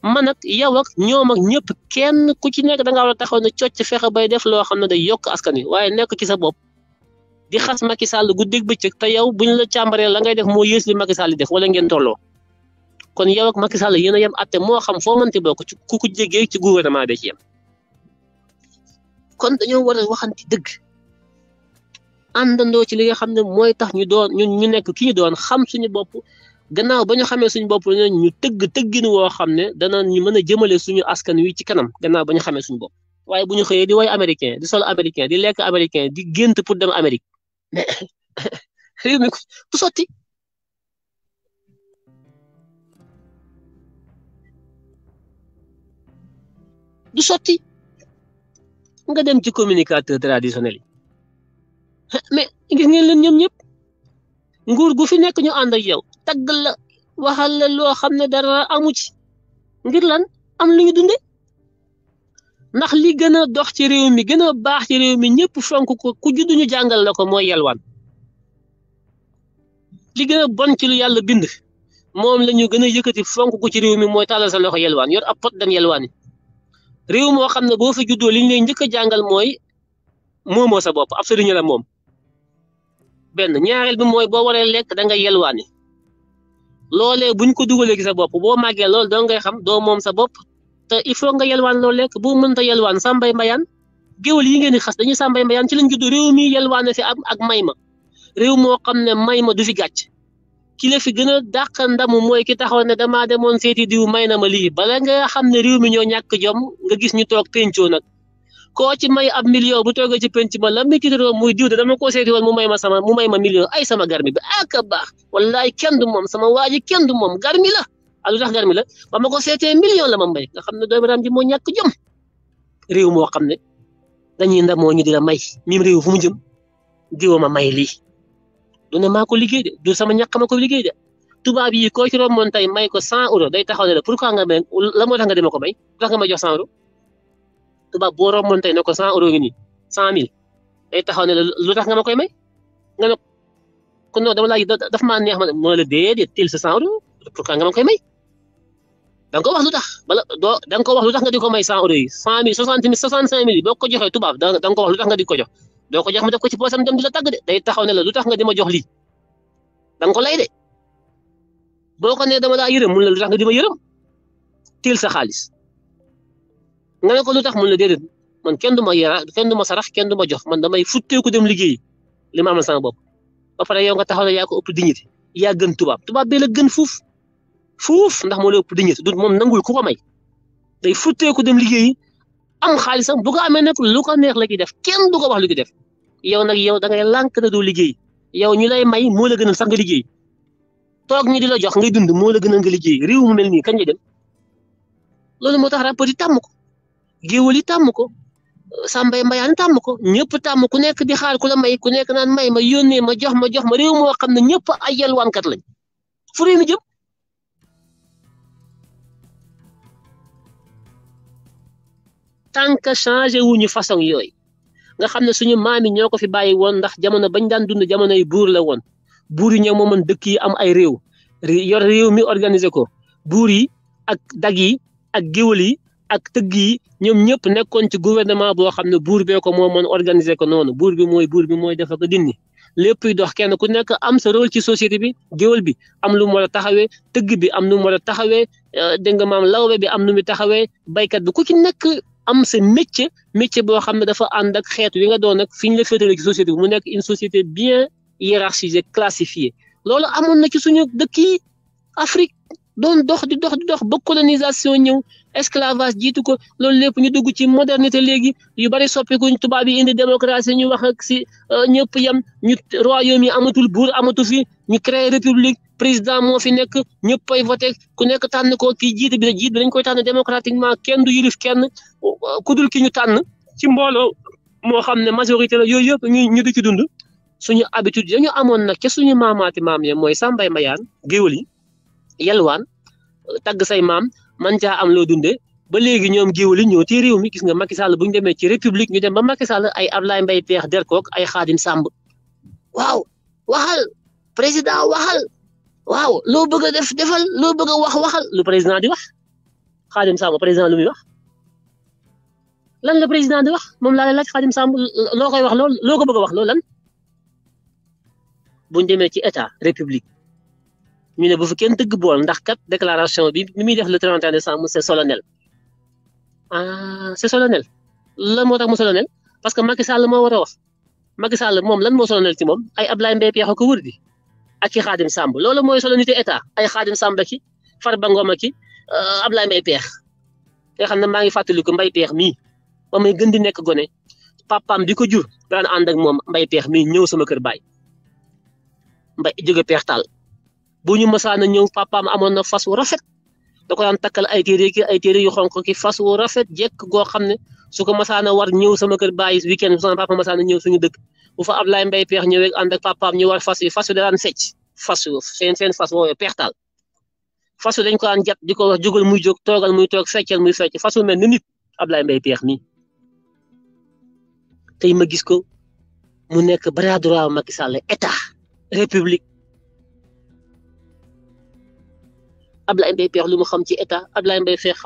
man ak yow ak ñoom ak ñëpp kenn ku ci nekk da nga war a taxoon ne cocc fexe bay def loo xam ne day yokk askan wi waaye nekk ci sa bopp di xas gu Sall guddeeg bëccëg te yow bu ñu la càmbaree la ngay def moo yées li Macky Sall def wala ngeen tolloo kon yow ak Macky Sall yéen a yem atte moo xam foo mënti bokk ci ku ko jégee ci gouvernement bi ci yem kon dañoo war a waxanti dëgg àndandoo ci li nga xam ne mooy tax ñu doon ñu nekk ki ñu doon xam suñu bopp. gannaaw ba ñu xamee suñu bopp ñu tëgg tëggin woo xam ne dana ñu mën a jëmale suñu askan wi ci kanam gannaaw ba ñu xamee suñu bopp waaye bu xëyee di woy américain di sol américain di lekk américain di gént pour dem Amérique mais réew mi du sotti. nga dem ci communicateur traditionnel yi mais gis ngeen leen ñoom ñëpp nguur gu fi nekk ñu ànd yow. tagg la waxal la loo xam ne dara amu ci ngir lan am lu ñu dunde ndax li gën a dox ci réew mi gën a baax ci réew mi ñëpp fonk ko ku juddu ñu jàngal la ko mooy yelwaan li gën a bon ci lu yàlla bind moom la ñu gën a yëkkati fonk ko ci réew mi mooy tàllal sa loxo yelwaan yor ab pot dem yelwaani réew moo xam ne boo fa juddoo li ñu lay njëkk a jàngal mooy moomoo sa bopp ab sëriñ la moom benn ñaareel bi mooy boo waree lekk da nga yelwaani loolee buñ ko dugalee ci sa bopp boo màggee loolu doo ngay xam doo moom sa bopp te il faut nga yelwaan loolu lekk boo mënta yelwaan sambay mbayaan géwél yi ngeen di xas dañuy sàmbay mbayaan ci lañ judd réew mi yelwaane fi ak may ma réew moo xam ne may ma du fi gàcc ki la fi gën a dàq ndamu mooy ki taxaw ne damaa demoon seeti diw may na ma lii bala nga xam ne réew mi ñoo ñàkk jom nga gis ñu toog pencoo nag koo ci may ab million bu toogee ci penc ma la muy tiitaroo muy diw de dama ko seeti woon mu may ma sama mu may ma million ay sama garmi bi ak ah, a baax wallaay kenn du moom sama waa ji kenn du moom garmi la alu tax garmi la ba ma ko seetee million la ma may nga xam ne doomu raam ji moo ñàkk jëm réew moo xam ne dañuy ndamoo ñu di la may mim réew fu mu jëm diwa ma may lii du ne maa ko liggéey de du sama ñàkk ma ko liggéey de tubaab yi koo ci romboon tey may ko cent euros day taxaw ne la pourquoi nga may la moo tax nga dema ko may tax nga may jox tubaab boo romboon tey ne ko cent euro yi nii cent mille day taxaw ne la lu tax nga ma koy may nga ne kon non dama laaj daf maa neex ma ne la déedéet sa cent euro pourquoi da nga ko wax lu tax bala doo da ko wax lu tax di ko may cent euro yi cent mille soixante mille soixante cinq mille boo ko joxee tubaab da nga ko wax lu tax nga di ko jox doo ko jox mu def ko taxaw ne la lu tax nga di ma jox lii dan ko lay de boo nee dama laa yërëm mun la lu tax nga di ma yërëm teel sa xaalis. nga ne ko lu tax mun la déedéet man kenn du ma yara kenn du ma sarax kenn du jox man damay futteeku dem liggéey li ma amal sama bopp ba pare yow nga taxaw ne yaa ko ëpp dignité yaa gën tubaab tubaab bee la gën fuuf fuuf ndax moo la ëpp dignité du moom nangul ku ko may day futteeku dem liggéey am xaalisam bu ko amee nag lu ko neex la ciy def kenn du ko wax lu ci def yow nag yow da ngay lànk liggéey yow ñu lay may moo la gënal sax nga liggéey toog ñu di la jox ngay dund moo la gënal nga liggéey réew mu mel nii kañ la dem moo tax rapport yi tàmm ko. géwél yi tàmm ko sàmbay mbayaan tàmm ko ñëpp tàmm ku nekk di xaar ku la may ku nekk naan may ma yónnee ma jox ma jox ma réew moo xam ne ñëpp ay yelwaankat lañ fu réew mi jëm tant que changé wuñu façon yooyu nga xam ne suñu maam yi ñoo ko fi bàyyi woon ndax jamono bañ daan dund jamono yi buur la woon buur yi ñoo moomoon dëkk yi am ay réew yor réew mi organiser ko buur yi ak dag yi ak géwél yi ak tëgg yi ñoom ñëpp nekkoon ci gouvernement boo xam ne buur bee ko moo mën organiser ko noonu buur bi mooy buur bi mooy dafa ko dindi lépp dox kenn ku nekk am sa rôle ci société bi géwél bi am lu mu war a taxawee tëgg bi am nu mu war a taxawee euh, dégg nga maam lawbe bi am nu mu taxawee baykat bi ku ci nekk am sa métier métier boo xam ne dafa ànd ak xeet wi nga doon ak fi ñu la féetale ci société bi mu nekk une société bien hiérarchisée classifiée loolu amoon na ci suñu dëkk yi Afrique doon dox di dox di dox ba ñëw esclavage jiitu ko loolu lépp ñu dugg ci modernité léegi yu bari soppikuñ tubaab yi indi démocratie ñu wax ak si euh, ñëpp yem ñu royaume yi amatul buur amatu fi ñu créé république président moo fi nekk ñëpp ay voté ku nekk tànn ko kii jiite bi jiit bi dañ koy tànn démocratiquement kenn du yilif kenn ku dul ki ñu tànn ci mbooloo moo xam ne majorité la yooyu yëpp ñu ñu di ci dund suñu habitude yañu amoon nag ca suñu maamaati maam ya mooy sàmbay mbayaan géwél yi yelwaan say maam man caa am loo dundee ba léegi ñoom géwél yi ñoo ci réew mi gis nga Macky Sall bu ñu demee ci république ñu dem ba makisal Sall ay Ablaye Mbaye Peex Derkook ay Xaadim Samb waaw waxal président waxal waaw loo bëgg def defal loo bëgg a wax waxal lu président di wax Xaadim Samb président lu muy wax lan la président di wax moom la lay laaj Xaadim Samb loo koy wax lool loo ko bëgg wax loolu lan bu ñu demee ci etat république ñu ne bu fi kenn dëgg bool ndax kat déclaration bi ni muy def le 31 décembre c'est solennel ah c'est solennel lan moo tax mu solennel parce que Macky Sall moo war a wax Macky Sall moom lan moo solennel ci moom ay Ablaye Mbaye Pekh ko wër di ak ci Khadim Samb loolu mooy solennité état ay Khadim Samb ki Farba Ngom ki euh, Ablaye Mbaye Pekh nga xam ne maa ngi fàttaliku Mbaye Pekh mii ba may gën di nekk gone papaam bi ko jur daan ànd ak moom Mbaye Pekh mii ñëw sama kër baay Mbaye jóge Pekh Tall bu ñu mësaan a ñëw papaam amoon na fas wu rafet da ko daan takkal ay téere ay téere yu xonk ki fas wu rafet jekk goo xam ne su ko mësaan war ñëw sama kër bàyyi weekend su sama papa mësaan a ñëw suñu dëkk bu fa Ablaye Mbaye peex ñëwee ànd ak fas yi fas yu da daan fecc fas yu seen seen fas woowee fas yu dañ ko daan jat di ko wax jógal muy jóg toogal muy toog feccal muy fecc fas yu mel ni nit Ablaye Mbaye peex nii ma gis ko nekk bras droit Macky Sall état Ablaye Mbaye Pekh xam ci état Ablaye Mbaye Pekh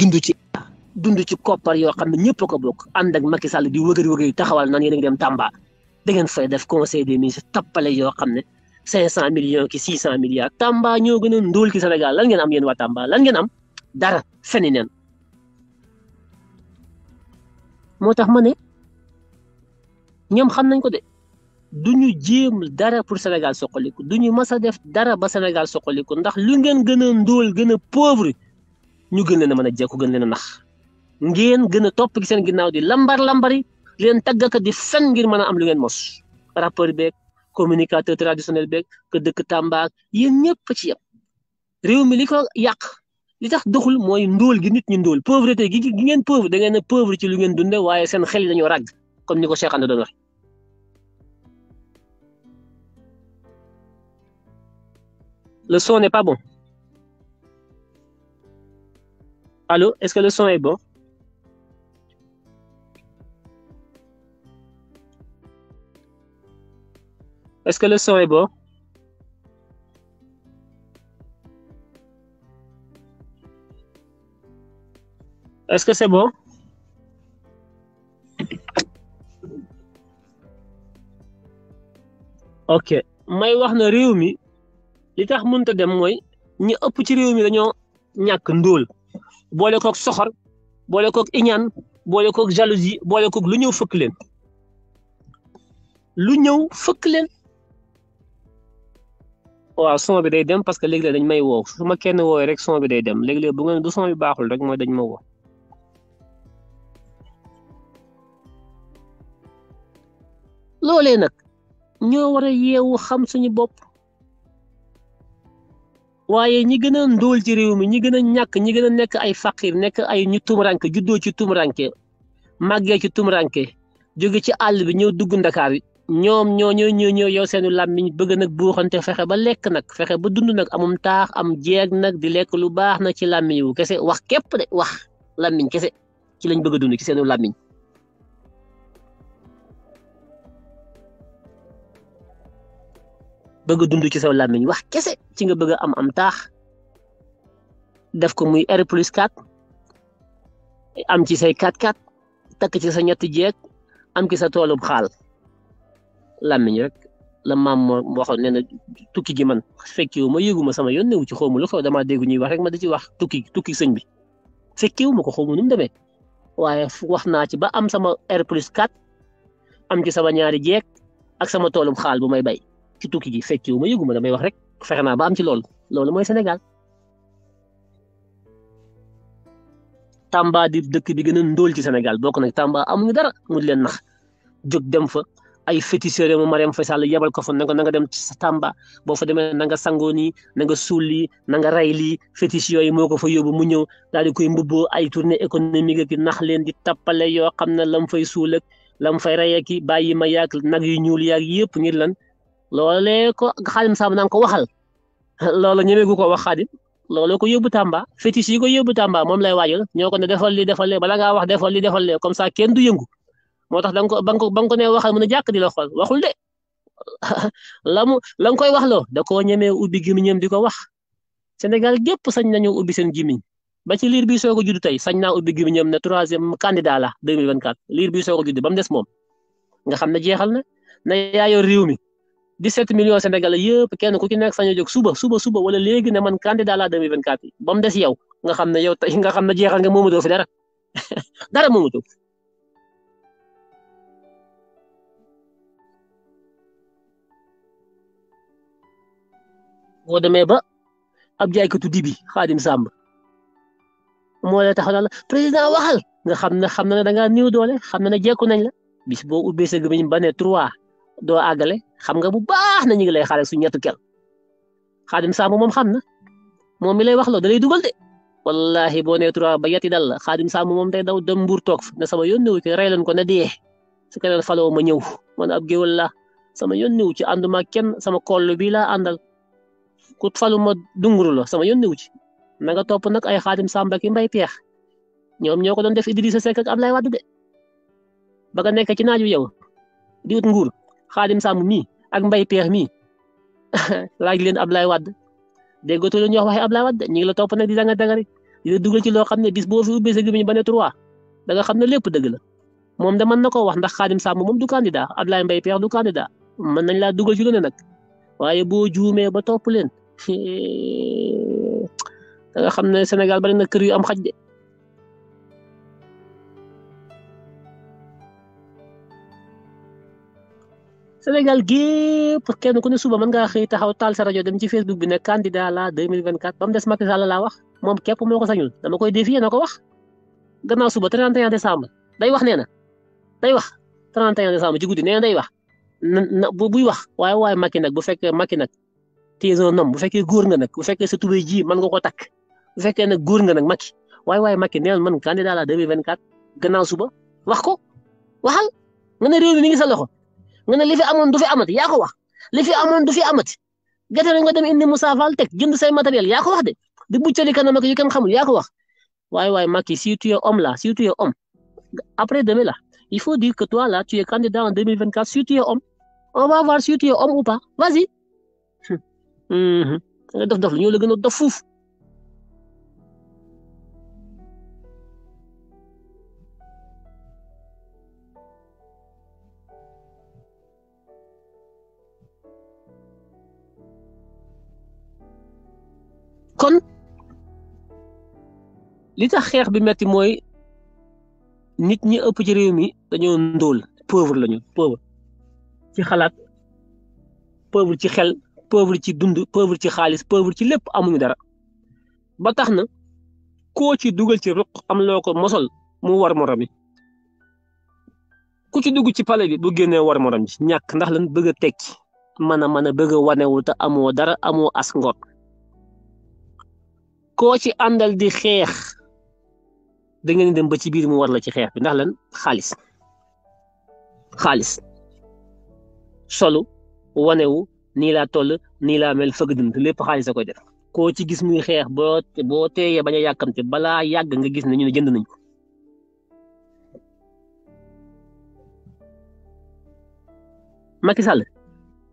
dundu ci dund ci koppar yoo xam ne ñëpp a ko bokk ànd ak Macky Sall di wëgër wëgër yi taxawal naan yéen a ngi dem Tamba da ngeen fay def conseil des ministres tappale yoo xam ne cinq cent millions ki six cent milliards Tamba ñoo gën a ndóol ki Sénégal lan ngeen am yéen waa Tamba lan ngeen am dara feni neen moo tax ma ne ñoom xam nañ ko de du ñu jéem dara pour Sénégal soqaliku du ñu mas a def dara ba Sénégal soqaliku ndax lu ngeen gën a ndóol gën a pauvre ñu gën leen a mën a jekku gën leen a nax ngeen gën a topp ci seen ginnaaw di lambar lambari leen tàggaka di fen ngir mën a am lu ngeen mos rapport beeg communicateur traditionnel beeg ke dëkk tàmbaak yéen ñëpp ci yem réew mi li ko yàq li tax doxul mooy ndóol gi nit ñi ndóol pauvreté gi gi ngeen pauvre da ngeen a pauvre ci lu ngeen dunde waaye seen xel yi dañoo ràgg comme ni ko Cheikh Anta doon wax le son n'est pas bon Allô, est-ce que le son est bon? Est-ce que le son est bon? Est-ce que c'est bon? ok may wax na réew mi li tax munta dem mooy ñi ëpp ci réew mi dañoo ñàkk boole koog soxor boole koog iñaan boole koog jalousie boole koog lu ñëw fëkk leen lu ñëw fëkk leen waaw son bi day dem parce que léeg dañ may woo su ma kenn woowee rek son bi day dem léeg-léeg bu ngeen du son bi baaxul rek mooy dañ ma woo loolee nag ñoo war xam suñu bopp waaye ñi gën a ndóol ci réew mi ñi gën a ñàkk ñi gën a nekk ay faqir nekk ay ñu tumuranke juddoo ci tumuranke màggee ci tumuranke jóge ci àll bi ñëw dugg ndakaar yi ñoom ñoo ñoo ñëw ñëw yow seenu làmmiñ bëgg nag buuxante fexe ba lekk nag fexe ba dund nag amum taax am jeeg nag di lekk lu baax nag ci làmmiñ kese wax képp de wax làmmiñ kese ci lañ bëgg a dund ci seenu làmmiñ bëgg dund ci saw làmmiñ wax kese ci nga bëgg am am taax def ko muy R plus 4 am ci say 4-4 takk ci sa ñetti jeeg am ci sa toolub xaal làmmiñ rek la maam moo waxoon nee na tukki gi man fekkiwu ma yëguma sama yoon newu ci xawma lu xew damaa dégg ñuy wax rek ma da ci wax tukki tukki sëñ bi fekkiwu ma ko xawma nu mu demee waaye wax naa ci ba am sama R plus 4 am ci sama ñaari jeeg ak sama toolub xaal bu may bay ci tukki gi fecc wu ma yeguma damay wax rek fexe naa ba am ci loolu loolu mooy Sénégal Tamba di dëkk bi gën a ndóol ci Sénégal bokk nag Tamba amuñu dara mu leen nax jóg dem fa ay fétisseur mu Mariam Faye Sall yebal ko fa ne na nga dem sa Tamba boo fa demee na nga sangoo nii na nga suul nga fétiche yooyu moo ko fa yóbbu mu ñëw daal di koy mbubboo ay tournée économique ak nax leen di tappale yoo xam lam fay suul ak lam fay rey ak bàyyi ma yaag nag yu ñuul yaag yépp ngir lan. loolee ko xaadim saabu naan ko waxal loolu ñemeegu ko wax xaadim loolu ko yóbbu Tamba fétiche ko yóbbu Tamba moom lay waajal ñoo ko ne defal li defal bala ngaa wax defal li defal lee comme ça kenn du yëngu moo tax da nga ko ba ko ba ko ne waxal mën a jàkk di la xool waxul de la mu la nga koy wax loo da koo ñemee ubbi gémmiñam di ko wax senegal gépp sañ nañu ubbi seen gémmiñ ba ci liir bi soo ko tey sañ naa ubbi gémmiñam ne troisième candidat la 2024 liir bi soo ko judd ba mu des moom nga xam ne jeexal na na yaa yor mi. 17 millions sénégalais yépp kenn ku ci nekk sañu jóg suba suba suba wala léegi ne man candidat la 2024 bam dess yow nga xamné yow tay nga xamné jéxal jeexal nga moomatoo fi dara dara moomatoo boo démé ba ab jay ko tuddi bi khadim samb mo la taxal président waxal nga xamné xamné da nga niou doole xamné na nañ la bis bo ubbee sa gëmiñ ba ne trois doo àggale xam nga bu baax na ñu ngi lay xaaree suñu ñettu kel xadim sa moom xam na moom mi lay wax loo da lay dugal de wallahi boo nee ba yati dal la xaadim saamu moom daw dem mbuur toog na sama yónni wu ci rey leen ko na dee su keneen faloo ma ñëw man ab géwal laa sama yónni wu ci ànduma kenn sama koll bi laa àndal ku falu ma dunguru la sama yónni wu ci na nga topp nag ay xadim sa ki mbay peex ñoom ñoo ko doon def Idrissa Seck ak ablay Wade de ba nga nekk ci naaju yow di wut nguur Xaadim Sàmm mii ak Mbay Peex mi laaj leen Ablaye Wade déggatu leen ñu wax waxee Ablaye Wade ñu ngi la topp nag di danga dangari di la dugal ci loo xam ne bis boo fi ubbee sa gémmiñ ba ne trois da xam ne lépp dëgg la moom de mën na koo wax ndax Xaadim Sàmm moom du daa Ablaye Mbay Peex du daa mën nañ laa dugal ci lu ne nag waaye boo juumee ba topp leen da nga xam ne Sénégal bari na kër yu am xaj de Sénégal gépp kenn ku ne suba mën ngaa xëy taxaw taal sa rajo dem ci Facebook bi ne candidat la 2024 ba mu des Macky Sall laa wax moom képp moo ko sañul dama koy défier na ko wax gannaaw suba 31 décembre day wax nee na day wax 31 décembre ci guddi nee na day wax na buy wax waaye waaye Macky nag bu fekkee Macky nag t'es un homme bu fekkee góor nga nag bu fekkee sa tubéy ji mën nga takk bu fekkee nag góor nga nag Macky waaye waaye Macky nee na man candidat la 2024 gannaaw suba wax ko waxal nga ne réew mi ngi sa loxo. nga ne li fi amoon du fi amati yaa ko wax li fi amoon du fi amati gerte nga dem indi Moussa Fall teg jënd say matériel yaa ko wax de di buccali kanam ak yu kenn xamul yaa ko wax waaye waaye Macky si tu homme là si tu homme après demain là il faut dire que toi là tu es candidat en 2024 si tu es homme on va voir si homme ou pas vas-y dof dof la ñoo a dof fuuf kon li tax xeex bi metti mooy nit ñi ëpp ci réew mi dañoo ndóol pauvre lañu pauvre ci xalaat pauvre ci xel pauvre ci dund pauvre ci xaalis pauvre ci lépp amuñu dara ba tax na koo ci dugal ci ruq am loo ko mosol mu war morom yi ku ci dugg ci pale bi bu génnee war morom ji ñàkk ndax lan bëgg a tekki mën a mën a bëgg a amoo dara amoo as ngor koo ci àndal di xeex da ngeen dem ba ci biir mu war la ci xeex bi ndax lan xaalis xaalis solu wanewu nii laa toll nii laa mel fëgg dund lépp xaalis a koy def koo ci gis muy xeex boo boo teeyee bañ a balaa yàgg nga gis ne ñu ne jënd nañ ko Macky Sall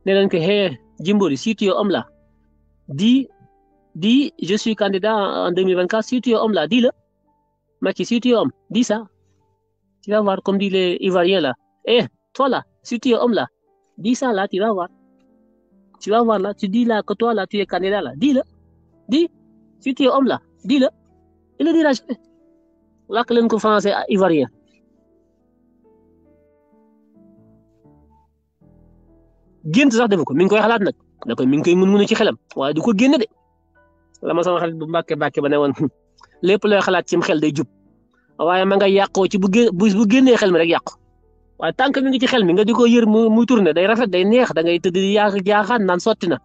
ne leen ko hee Jimbori surtout yow am la di Dis, je suis candidat en 2024. Si tu es homme là, dis-le. Maki, si tu es homme, dis ça. Tu vas voir, comme dit les Ivoiriens là. Eh, toi là, si tu es homme là, dis ça là, tu vas voir. Tu vas voir là, tu dis là que toi là, tu es candidat là. Dis-le. Dis, si tu es homme là, dis-le. Il le dira jamais. Là que l'un français ah, ivoirien. gént sax defu ko mi ngi koy xalaat da koy mi ngi koy ci xelam waaye du ko de la ma sama xarit bu mbàkke mbàkke ba ne woon lépp looy xalaat cim xel day jub waaye ma nga yàqoo ci bu bu génnee xel mi rek yàqu waaye tànk mi ngi ci xel mi nga di ko yër mu muy tourné day rafet day neex da tëdd yaa jaaxaan naan na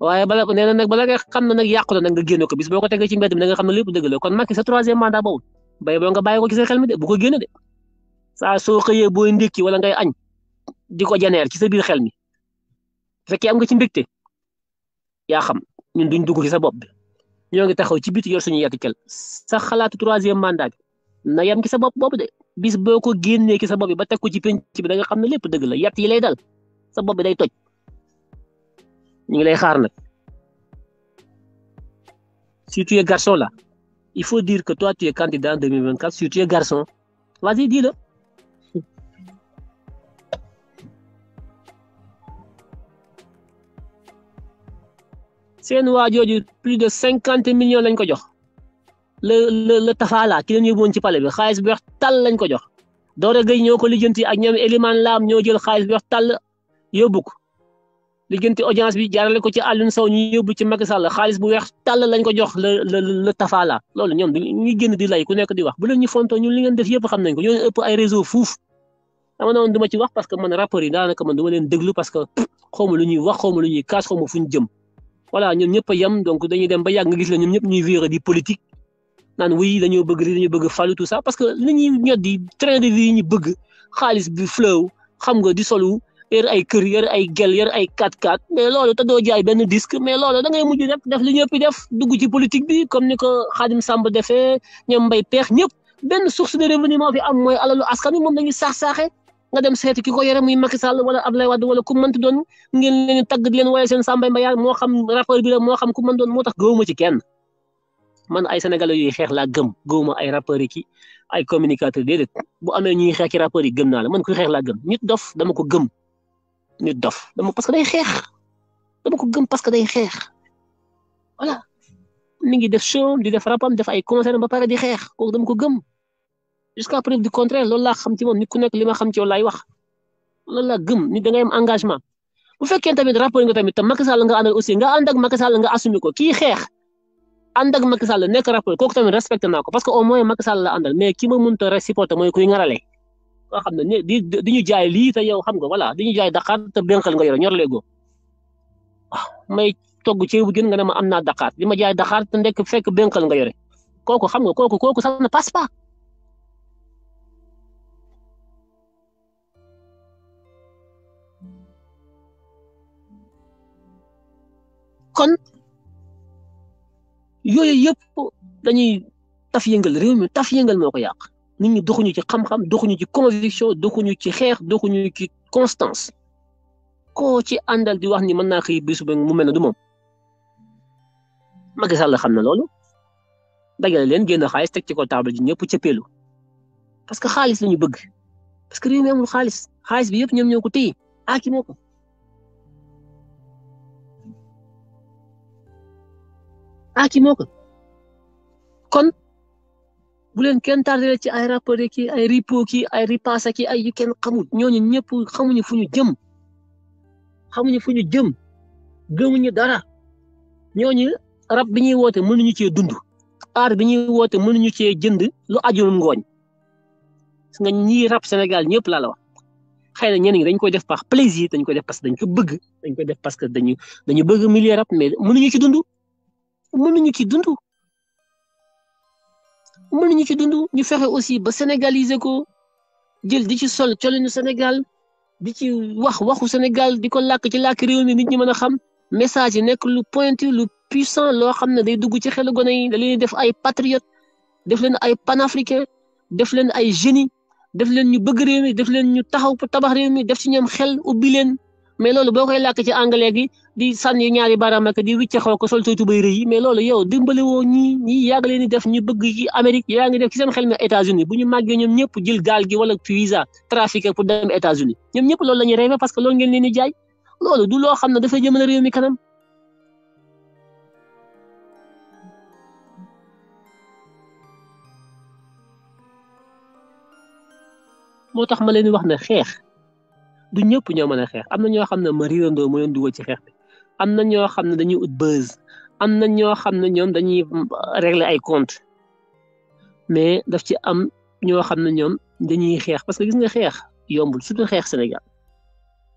waaye bala nee na nag bala nga xam ne nag yàqu na nag génne ko bis boo ko tegee ci mbedd mi da nga xam ne lépp dëgg la kon Macky sa troisième mandat bay boo nga bàyyi ko ci xel mi de bu ko de saa soo xëyee ndek ndékki wala ngay añ di ko janeer ci sa biir xel mi fekkee am nga ci te yaa xam ñun duñ dugg ci sa bopp bi ñoo ngi taxaw ci biti yor suñu yatikel sa xalaatu troisième mandat bi na yam ki sa bopp boobu de bis boo ko génnee ki sa bopp bi ba teg ko ci penc bi da nga xam ne lépp dëgg la yatt yi lay dal sa bopp bi day toj ñu ngi lay xaar nag si tu es garçon là il faut dire que toi tu es candidat en 2024 si tu es garçon vas-y dis-le seen waa jooju plus de cinquante millions lañ ko jox le le le tafaala ki leen yóbboon ci pale bi xaalis bi wax tal lañ ko jox Doro Gueye ñoo ko lijjanti ak ñoom Eliman Lam ñoo jël xaalis bi wax tal yóbbu ko lijjanti audience bi jaarale ko ci Alioune Sow ñu yóbbu ci Macky Sall bu weex tàll lañ ko jox la le le tafaala loolu ñoom ñu di ku nekk di wax bu leen ñu fontoo ñun li ngeen def yëpp xam na ko ñoo ëpp ay réseau fuuf dama ne ci wax parce que man rapport yi man du ma leen déglu parce que xaw ma lu ñuy wax xaw ma lu ñuy kaas xaw ma fu ñu jëm. voilà ñoom ñëpp a donc dañuy dem ba yàgg nga gis la ñoom ñëpp ñuy viré di politique naan oui dañoo bëgg li dañoo bëgg falu tout ça parce que li ñuy ñot di train de vie yi ñu bëgg xaalis bi fleuve xam nga di solu yër ay kër yër ay gel yër ay 4-4 mais loolu te doo jaay benn disque mais lool da ngay mujj rek def li ñëpp def dugg ci politique bi comme ni ko Xaadim Samb defee ñoom mbay peex ñëpp benn source de revenu moo fi am mooy alalu askan wi moom dañuy sax saaxee nga dem seeti ki ko yore muy Macky Sall wala Abdoulaye Wade wala ku mënti doon ngeen leen tagg di leen woowee seen Samba Mbaye moo xam rappeur bi la moo xam ku mën doon moo tax gëwuma ci kenn man ay sénégalais yuy xeex laa gëm gëwuma ay rappeurs yi ki ay communicateur déedéet bu amee ñuy xeex ci rappeurs yi gëm naa man kuy xeex laa gëm nit dof dama ko gam nit dof dama parce que day xeex dama ko gëm parce que day xeex voilà mi ngi def show di def rapam def ay concert ba pare di xeex kooku dama ko gëm. jusqu'à preuve du contraire loolu laa xam ci moom nit ku nekk li ma xam ci yow laay am engagement bu fekkee tamit rapport nga tamit te Macky Sall nga àndal aussi nga ànd ak Macky Sall nga assumé ko kii xeex ànd ak Macky Sall nekk tamit respecté naa ko parce que au moins Macky Sall la àndal mais ki ma mënut a xam ne di di ñu jaay lii te yow xam nga voilà di ñu jaay Dakar te benqal nga yore ñor léegoo waaw ah, may togg ceebu jën nga ne ma am naa Dakar di ma jaay Dakar te ndekk fekk benqal nga yore kooku xam nga kooku kooku ça ne passe pas kon yooyu yëpp dañuy taf yëngal réew mi taf yëngal moo ko yàq nit ñi doxuñu ci xam-xam doxuñu ci conviction doxuñu ci xeex doxuñu ci constance koo ci àndal di wax ni mën naa xëy bés ba mu mel ne du moom xam na loolu dajale leen génn xaalis teg ci ko table ji ñëpp cëppeelu parce que xaalis la ñu parce que réew amul xaalis xaalis bi yëpp ñoom ñoo ko téye ak ah, moo ko kon bu len ken tardé ci ay rapport ki ay ripo ki ay ripaasa ki ay yu kenn xamul ñooñu ñepp xamuñu fuñu jëm xamuñu fuñu jëm gëmuñu dara ñooñu rab bi ñuy woote mënuñu ci dund ar bi ñuy woote mënuñu ci jënd lu aju lu ngoñ nga ñi rap Sénégal ñepp la la wax xeyna ñen ñi dañ ko def par plaisir dañ ko def parce que dañ ko bëgg dañ ko def parce que dañu dañu bëgg milliard rap mais mënuñu ci dund mënuñu ci dund mënuñu ci dund ñu fexe aussi ba sénégaliser ko jël di ci sol colinu Sénégal di ci wax waxu Sénégal di ko lakk ci lakk réew mi nit ñi mën a xam message yi nekk lu pointu lu puissant loo xam ne day dugg ci xel gone yi da def ay patriote def leen ay panafricain def leen ay génie def leen ñu bëgg réew mi def leen ñu taxaw pour tabax réew mi def ci ñoom xel ubbi leen mais loolu boo koy làkk ci anglais gi di sànni ñaari baaraam ak di wicce xoo ko sol tuuti bay yi mais loolu yow dimbali woo ñii ñii yàgg leen di def ñu bëgg ci Amérique yaa ngi def ci seen xel mi États-Unis bu ñu màggee ñoom ñëpp jël gaal gi wala visa trafiqué pour dem États-Unis ñoom ñëpp loolu la ñuy rêvé parce que loolu ngeen leen di jaay loolu du loo xam ne dafay jëmale réew mi kanam. moo tax ma leen wax ne xeex. du ñëpp ñoo mën a xeex am na ñoo xam ne ma riirandoo mu leen dugal ci xeex bi am na ñoo xam ne dañuy ut buzz am na ñoo xam ne ñoom dañuy euh, régler ay compte mais daf ci am ñoo xam ne ñoom dañuy xeex parce que gis nga xeex yombul surtout xeex Sénégal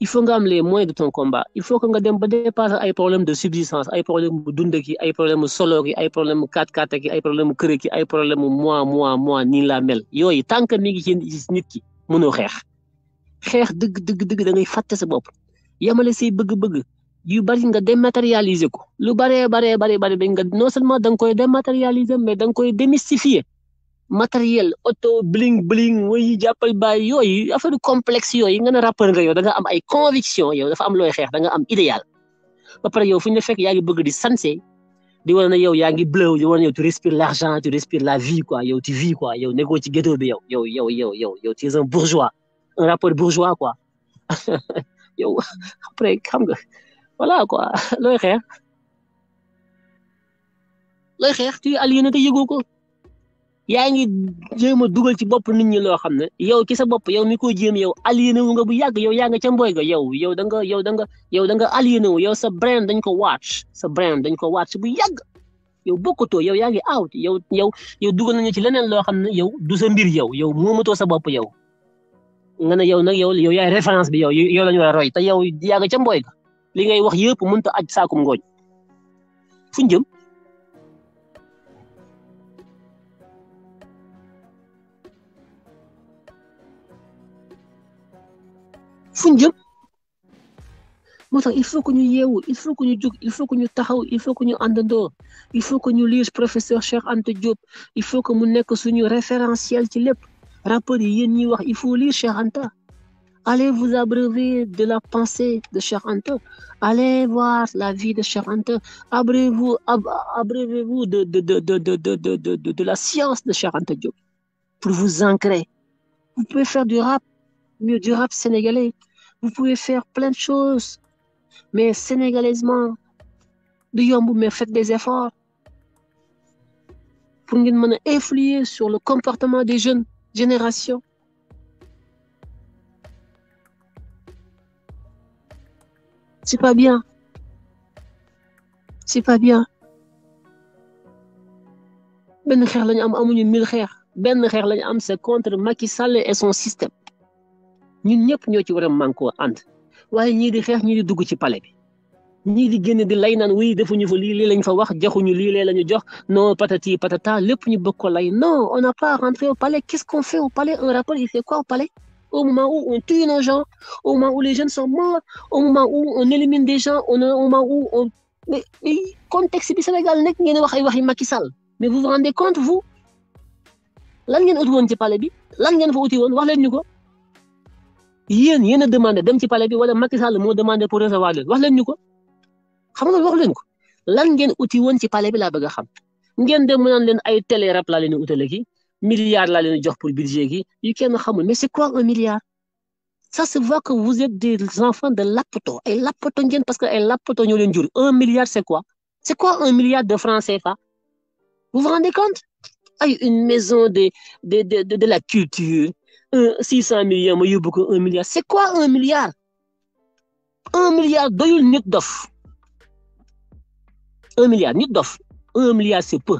il faut nga am les moyens de ton combat il faut que nga dem ba dépasser ay problème de subsistance ay problème bu dund ki ay problème solo ki ay problème mu kat kat ki ay problème mu kër ki ay problème mu mois mois mois nii laa mel yooyu tant que mi ngi ci nit ki mënoo xeex. xeex dëgg dëgg dëgg da ngay fàtte sa bopp yamale say bëgg-bëgg yu bari nga dématérialiser ko lu baree baree baree bari ba nga non seulement da nga koy dématérialiser mais da nga koy démystifier matériel auto bling bling wayu jàppal bàyyi yooyu affaire complexe yooyu nga ne rappeur nga yow da nga am ay conviction yow dafa am looy xeex da nga am idéal ba pare yow fu ñu la fekk bëgg di sanse di wane ne yow yaa ngi bleu di wane yow tu respires l'argent tu respires la vie quoi yow tu vis quoi yow nekkoo ci bi yow un rappeur bourgeois quoi yow après xam nga voilà quoi looy xeex looy xeex tu aliéné te yëgoo ko yaa ngi jéem a dugal ci bopp nit ñi loo xam ne yow ki sa bopp yow mi ko jéem yow aliéné wu nga bu yàgg yow yaa nga ca mboy ga yow yow da yow da nga yow da nga aliéné wu yow sa brand dañ ko watch sa brand dañ ko watch bu yàgg yow bokkatoo yow yaa ngi out yow yow yow dugal nañu ci leneen loo xam ne yow du sa mbir yow yow moomatoo sa bopp yow nga ne yow nag yow yow yaay référence bi yow yow la ñu war a roy te yow yaa nga ca ga li ngay wax yëpp mënut a aj saakum ngooñ fuñ jëm. jëm moo tax il faut que ñu yeewu il faut que ñu jóg il faut que ñu taxaw il faut que ñu àndandoo il faut que ñu lire professeur Cheikh Anta Diop il faut que mu nekk suñu référentiel ci lépp. il faut lire Cheikh allez vous abreuver de la pensée de Cheikh allez voir la vie de Cheikh abreuvez-vous vous de de, la science de Cheikh pour vous ancrer vous pouvez faire du rap mieux du rap sénégalais vous pouvez faire plein de choses mais sénégalaisement de mais faites des efforts pour sur le comportement des jeunes génération. C'est pas bien. C'est pas bien. Ben xeex lañu am amuñu mil xeex Ben xeex lañu am c'est contre Macky Sall et son système ñun ñëpp ñoo ci war a mànkoo Waye ñi di xeex ñi di dugg ci palais bi ni di génn di lay naan oui defuñu fa lii lii lañ fa wax joxuñu lii lee lañu jox non patati patata lépp ñu bëgg ko lay non on n'a pas rentré au palais qu'est-ce qu'on fait au palais un rappel il fait quoi au palais au moment où on tue nos gens au moment où les jeunes sont morts au moment où on élimine des gens au moment où on mais contexte bi Sénégal nekk ngeen wax ay waxi Macky Sall mais vous vous rendez compte vous lan ngeen uti woon ci palais bi lan ngeen fa uti woon wax leen ñu ko yéen yéen a demandé dem ci palais bi wala Macky Sall moo demandé pour recevoir leen wax leen ñu xam nga wax leen ko lan ngeen uti woon ci palais bi laa bëgg a xam ngeen dem mu naan leen ay télé rap laa leen utale gi milliard laa leen jox pour budget gi yu kenn xamul mais c'est quoi un milliard ça se voit que vous êtes des enfants de lapato ay lapato ngeen parce que ay lapato ñoo leen jur un milliard c'est quoi c'est quoi un milliard de francs CFA vous vous rendez compte ay une maison de de de de la culture six cent millions ma yóbbu ko un milliard c'est quoi un milliard un milliard doyul nit dof 1 milliard nit dof un milliard c'est peu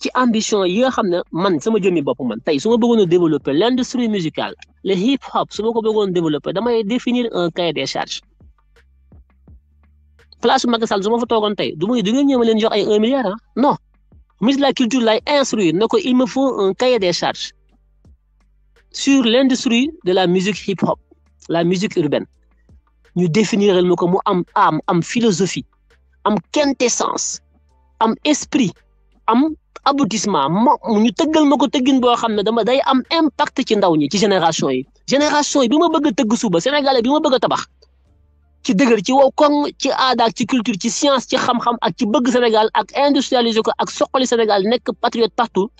ci ambition yi nga xam ne man sama jëmmi bop man tay suma ma développer l'industrie musicale le hip hop suma ko bëggoon développer damay définir un cahier des charges place Macky Sall suma fa togon tay du muy du ngeen ñëw leen jox ay un milliard hein non Mais la culture lay instruire ne il me faut un cahier des charges sur l'industrie de la musique hip hop la musique urbaine ñu définirons ma ko mu am am philosophie am quintessence am esprit am aboutissement ma ñu tëggal ma ko tëggin boo xam ne dama day am impact ci ndaw ñi ci génération yi génération yi bi ma bëgg a tëgg suba sénégalais bi ma bëgg a tabax ci dëgër ci wow kong ci aada ak ci culture ci science ci xam-xam ak ci bëgg Sénégal ak industrialiser ko ak soqali Sénégal nekk patriote partout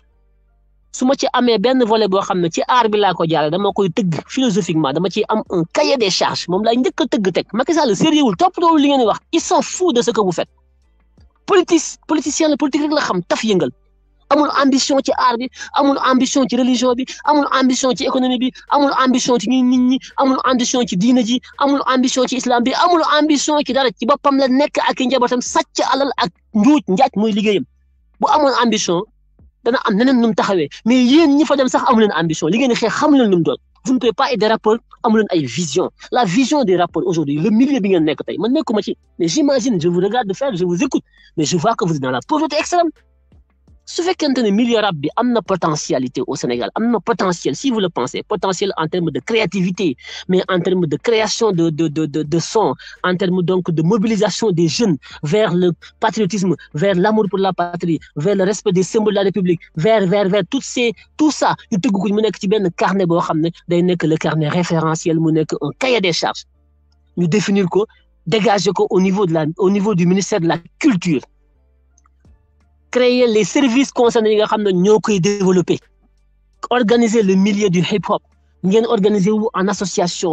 suma ci amee benn volet boo xam ne ci aar bi laa ko jaaree dama koy tëgg philosophiquement dama ci am un cahier des charges moom laay njëkk a tëgg teg Macky Sall sérieux wul toppatoo li ngeen di wax ils sont fous de ce que vous faites politis politicien la politique rek la xam taf yëngal amul ambition ci aar bi amul ambition ci religion bi amul ambition ci économie bi amul ambition ci nit ñi amul ambition ci diine ji amul ambition ci islam bi amul ambition ci dara ci boppam la nekk ak i njabootam sàcc alal ak njuuj njaaj mooy liggéeyam bu amul ambition. dana am neneen num mu taxawee mais yéen ñi fa dem sax amu leen ambition li ngeen xeex xamu lu mu doon vous ne pouvez pas aider des rappeurs amu leen ay vision la vision des rapports aujourd'hui le milieu bi ngeen nekk tey man nekkuma ci mais j'imagine je vous regarde de faire je vous écoute mais je vois que vous êtes dans la pauvreté extrême ce fait qu'un million milliards, bi potentialité au Sénégal Un potentiel si vous le pensez potentiel en termes de créativité mais en termes de création de de de de de son en termes donc de mobilisation des jeunes vers le patriotisme vers l'amour pour la patrie vers le respect des symboles de la République vers vers vers toutes ces tout ça Il tëgg ko mu carnet le carnet référentiel un cahier des charges nous définir quoi dégager quoi au niveau de la au niveau du ministère de la culture créer les services concernés à avons développé. développer organiser le milieu du hip hop Nous organiser en association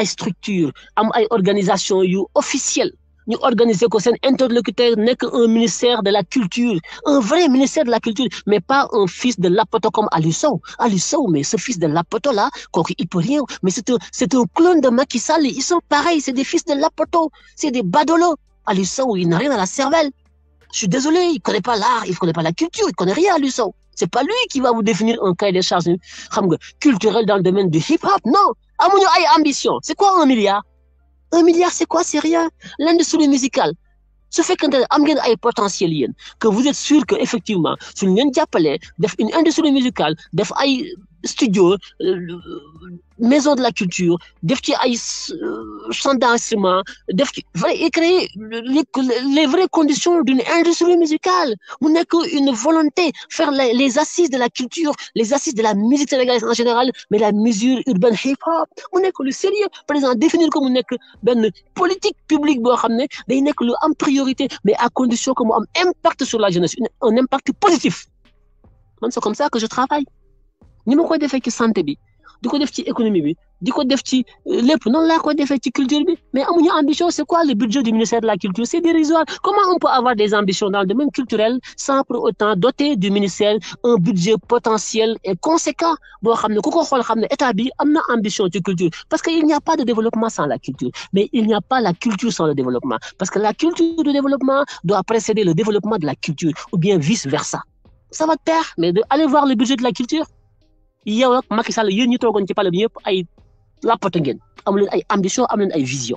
en structure am organisation officielle. officielle ñu organiser ko interlocuteurs interlocuteur n'est qu'un ministère de la culture un vrai ministère de la culture mais pas un fils de Lapoto comme Alisson. Alisson, mais ce fils de Lapoto là il il peut rien mais c'est un c'est clone de Macky Sall ils sont pareils c'est des fils de Lapoto c'est des badolo Alisson, il n'a rien à la cervelle je suis désolé, il ne connaît pas l'art, il ne connaît pas la culture, il ne connaît rien à Ce C'est pas lui qui va vous définir un cahier des charges culturel dans le domaine du hip-hop. Non, Amounio a ambition. C'est quoi un milliard Un milliard, c'est quoi C'est rien. L'industrie musicale. Ce fait que a un potentiel, que vous êtes sûr qu'effectivement, effectivement, vous avez une industrie musicale, des studio. Euh, maison de la culture def ci ay euh, créer les vraies conditions d'une industrie musicale On n'a une volonté faire les assises de la culture les assises de la musique sénégalaise en général mais la mesure urbaine hip hop n'a que le sérieux présent. définir on n'a que une politique publique mais il day que priorité mais à condition que impacte impact sur la jeunesse un impact positif c'est comme ça que je travaille ni quoi de que que santé bi du ko def ci économie bi di ko def ci euh, lépp non la ko ci culture bi mais amuñu ambition c'est quoi le budget du ministère de la culture c'est dérisoire comment on peut avoir des ambitions dans le domaine culturel sans pour autant doter du ministère un budget potentiel et conséquent boo xam ne ko xool xam état bi ambition ci culture parce qu'il n'y a pas de développement sans la culture mais il n'y a pas la culture sans le développement parce que la culture du développement doit précéder le développement de la culture ou bien vice versa ça va te perdre mais de voir le budget de la culture il ak Macky Sall yéen ñu y ci palais bi ay ngeen ay ambition vision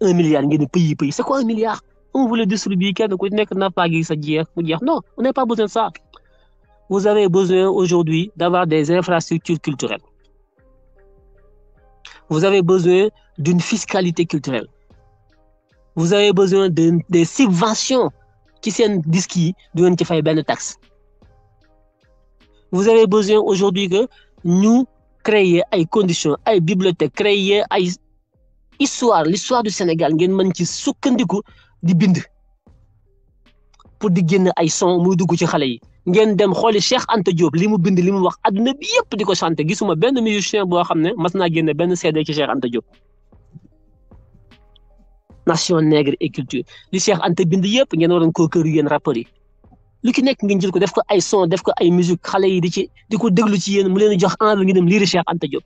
un milliard c'est quoi un milliard on voulait distribuer kenn ku na pas gi sa hier. non on n'a pas besoin de ça vous avez besoin aujourd'hui d'avoir des infrastructures culturelles vous avez besoin d'une fiscalité culturelle vous avez besoin de des subventions ci seen disque yi du ngeen ci fay benn taxe vous avez besoin aujourd'hui que ñu créer ay conditions ay bibliothèques créer ay histoire l'histoire du Sénégal ngeen est ci sukkandiku di bind pour di génn ay son muy dugg ci xale yi ngeen dem xooli Cheikh Anta Diop li mu bind li mu wax aduna bi yépp di ko chanté gisuma benn musicien boo xam ne mas naa génne benn CD ci Cheikh Anta Diop nation nègre et culture li Cheikh Anta bind yëpp ngeen waroon koo kër yéen rappeurs yi lu ki ngeen jël ko def ko ay son def ko ay musique xale yi di ci di ko déglu ci yéen mu leen jox envie ngi dem liiri Cheikh Anta Diop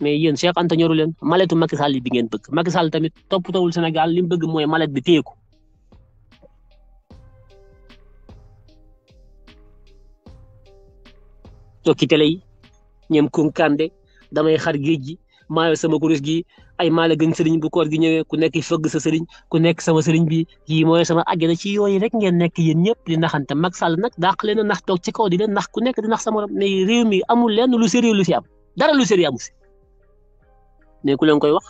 mais yéen Cheikh Anta ñoru leen maletu Macky Sall yi bi ngeen bëgg Macky Sall tamit toppatawul Sénégal li mu bëgg mooy malet bi téye ko tokki télé yi ñoom Kunkande damay xar géej gi maayo sama kurus gi ay maa la gën sëriñ bu koor gi ñëwee ku nekk fëgg sa sëriñ ku nekk sama sëriñ bi yii mooy sama àjjana ci yooyu rek ngeen nekk yéen ñëpp di naxante Macky Sall nag dàq leen a toog ci kaw di leen nax ku nekk di nax sa morom mais réew mi amul lenn lu sérieux lu si am dara lu sérieux amu si mais leen koy wax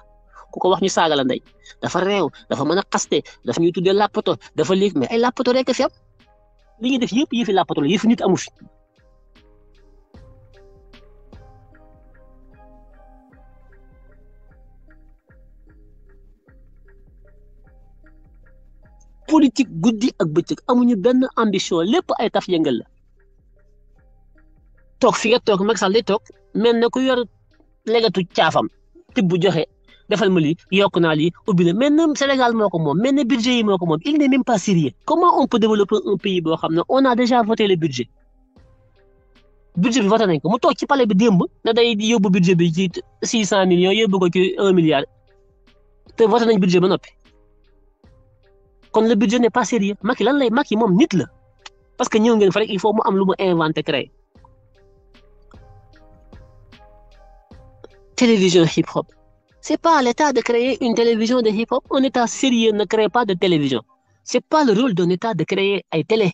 ku ko wax ñu saaga la ndey dafa réew dafa mën a xaste dafa ñuy tuddee làppato dafa léeg mais ay làppato rek fi am li ñuy def yëpp yëfi làppato la yëfi nit amu fi politique guddi ak bëccëg amuñu benn ambition lépp ay taf yëngal la toog fi nga toog Macky Sall di toog mel na ku yor legatu caafam te bu joxe defal ma lii yokk naa lii ubbi na mel na Sénégal moo ko moom mel na budget yi moo ko moom il n'est même pas sérieux comment on peut développer un pays boo xam ne on a déjà voté le budget bi voté nañ ko mu toog ci palais bi démb na day yóbbu budget bi ci six cent millions yóbbu ko ci un milliard te voté nañ budget ba noppi. kon le budget n'est pas sérieux Macky lan lay Macky mom nit la parce que ñëw ngeen fa rek il faut mu am lu mu créer télévision hip hop c'est pas l'état de créer une télévision de hip hop un état sérieux ne crée pas de télévision c'est pas le rôle d'un état de créer ay télé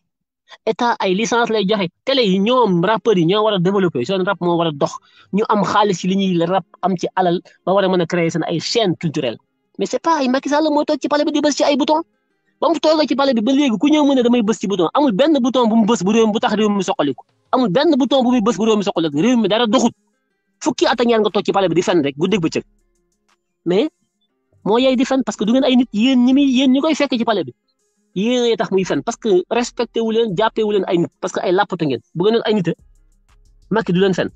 état ay licence lay joxe télé yi ñoom rappeurs yi ñoo wara a développer son rap mo wara dox ñu am xaalis ci li ñuy rap am ci alal ba wara a créer seen ay chaîne culturelle. mais c'est pas ay Macky Sall mo toog ci palais bi di bës ci ay bouton ba mu toogee ci palais bi ba léegi ku ñew mu ne damay bëss ci bouton amul benn bouton bu mu bëss bu réew bu tax réew mi soxaliku amul benn bouton bu muy bëss bu réew mi soxaliku réew mi dara doxut fukki at ak ñaar nga tok ci palais bi di fen rek guddeeg bëccëg mais mo yay di fen parce que du ngeen ay nit yeen ñi muy yéen ñi fekk ci palais bi tax muy fen parce que respecté wu leen jappé wu leen ay nit parce que ay ngeen bu ngeen ay nit makki du leen fen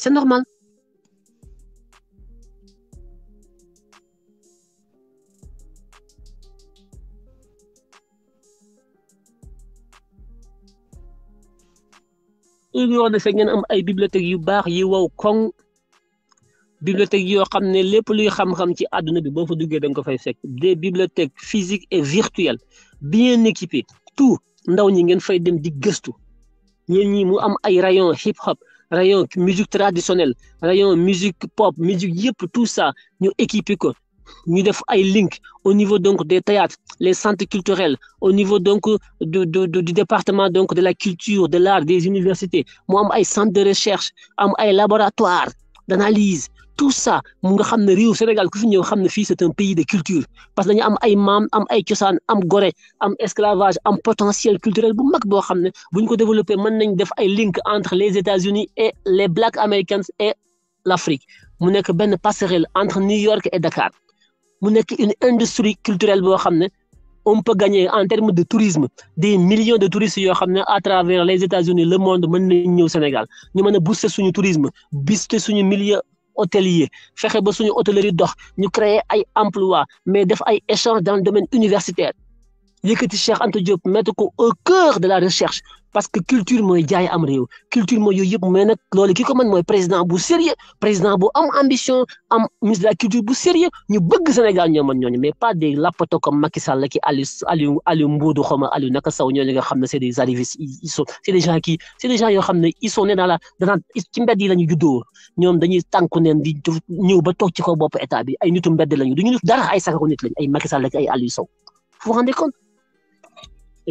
c'est normal union de ngeen am ay bibliothèques yu baax yi waw koŋ bibliothèques yoo xam ne lépp luy xam-xam ci àdduna bi boo fa duggee da nga ko fay fekk des bibliothèques physiques et virtuelles bien équipées tout ndaw ñi ngeen fay dem di gëstu ñeen ñi mu am ay rayon hip hop rayon musique traditionnelle rayon musique pop musique yépp tout ça ñu équipé ko nous def ay link au niveau donc des théâtres les centres culturels au niveau donc du département donc de la culture de l'art des universités Nous am ay centres de recherche am ay laboratoires d'analyse tout ça nous nga xamné Sénégal ku fi ñëw c'est un pays de culture parce que dañu am ay mam am ay des am goré am esclavage am potentiel culturel bu mag bo xamné lien développé mën nañ entre les États-Unis et les Black Americans et l'Afrique mu nekk benn passerelle entre New York et Dakar mu nekk une industrie culturelle boo xam on peut gagner en termes de tourisme des millions de touristes yoo xam à travers les États-Unis le monde mën nañ ñëw Sénégal ñu mën a booster suñu tourisme booster suñu milieu hôtelier fexe ba suñu hôtellerie dox ñu créer ay emplois mais def ay échanges dans le domaine universitaire yëkkati Cheikh Anta Diop mettre ko au cœur de la recherche parce que culture moy jaay am réew culture moy yooyu yëpp mais nak loolu kiko man moy président bu sérieux président bu am ambition am ministre de la culture bu sérieux ñu bëgg Sénégal ñoo mën ñooñu mais pas des lappato comme Macky Sall ki Aliou Aliou Aliou Mbodou xaw ma naka saw ñoo nga xam c'est des arrivistes ils sont c'est des gens qui c'est des gens yoo xam ils sont nés dans la dans ci mbedd yi la ñu juddoo ñoom dañuy tanku neen di ñëw ba tok ci ko bop état bi ay nitu mbedd lañu duñu dara ay sakaku nit lañ ay Macky Sall ak ay Aliou Sow vous vous rendez compte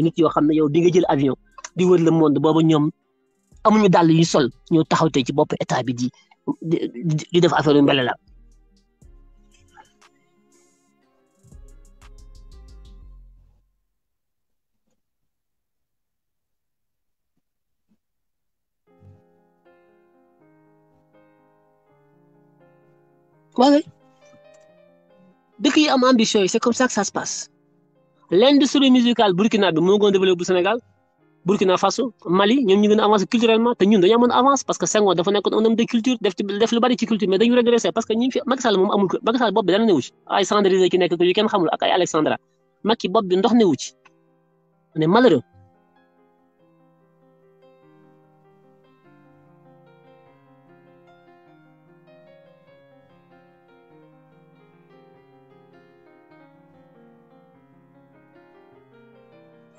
nit yo xamne yow di nga jël avion di wër le monde boobu ñoom amuñu dal yu sol ñu taxaw tey ci bop état bi di di def affaire yu mbele la Voilà. Dès qu'il y a ambition c'est comme ça que ça se passe l'industrie musicale burkina bi moo développé Sénégal Burkina Faso Mali ñoom ñu avancé culturellement te ñun dañu avance parce que Senghor dafa nekkoon onam de culture def def lu bari ci culture mais dañu parce que ñu fi Macky Sall amul ci ay ki yu kenn xamul ak ay Alexandra Macky ci on malheureux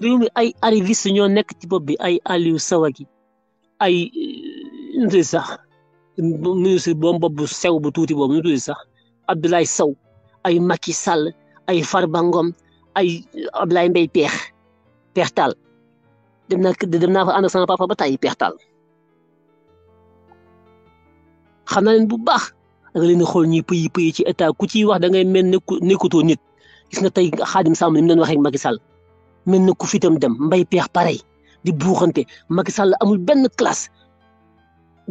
réew mi ay arrivistes ñoo nekk ci bopp bi ay Aliou Sawaki ay nu mu tudd sax ministre boobu bopp bu sew bu tuuti boobu nu mu tudd sax Abdoulaye Sow ay Macky ay Farba ay Abdoulaye Mbaye Peex Peex Taal dem naa dem naa fa ànd ak sama papa ba tàyyi Peex Taal xam naa leen bu baax da nga leen di xool ñuy pëyi pëyi ci état ku ciy wax da ngay mel ne nekkutoo nit gis nga tey Xaadim Samb ni mu doon waxee ak Macky Sall. mel na ku fitam dem mbay peex pareil di buuxante Macky Sall amul benn classe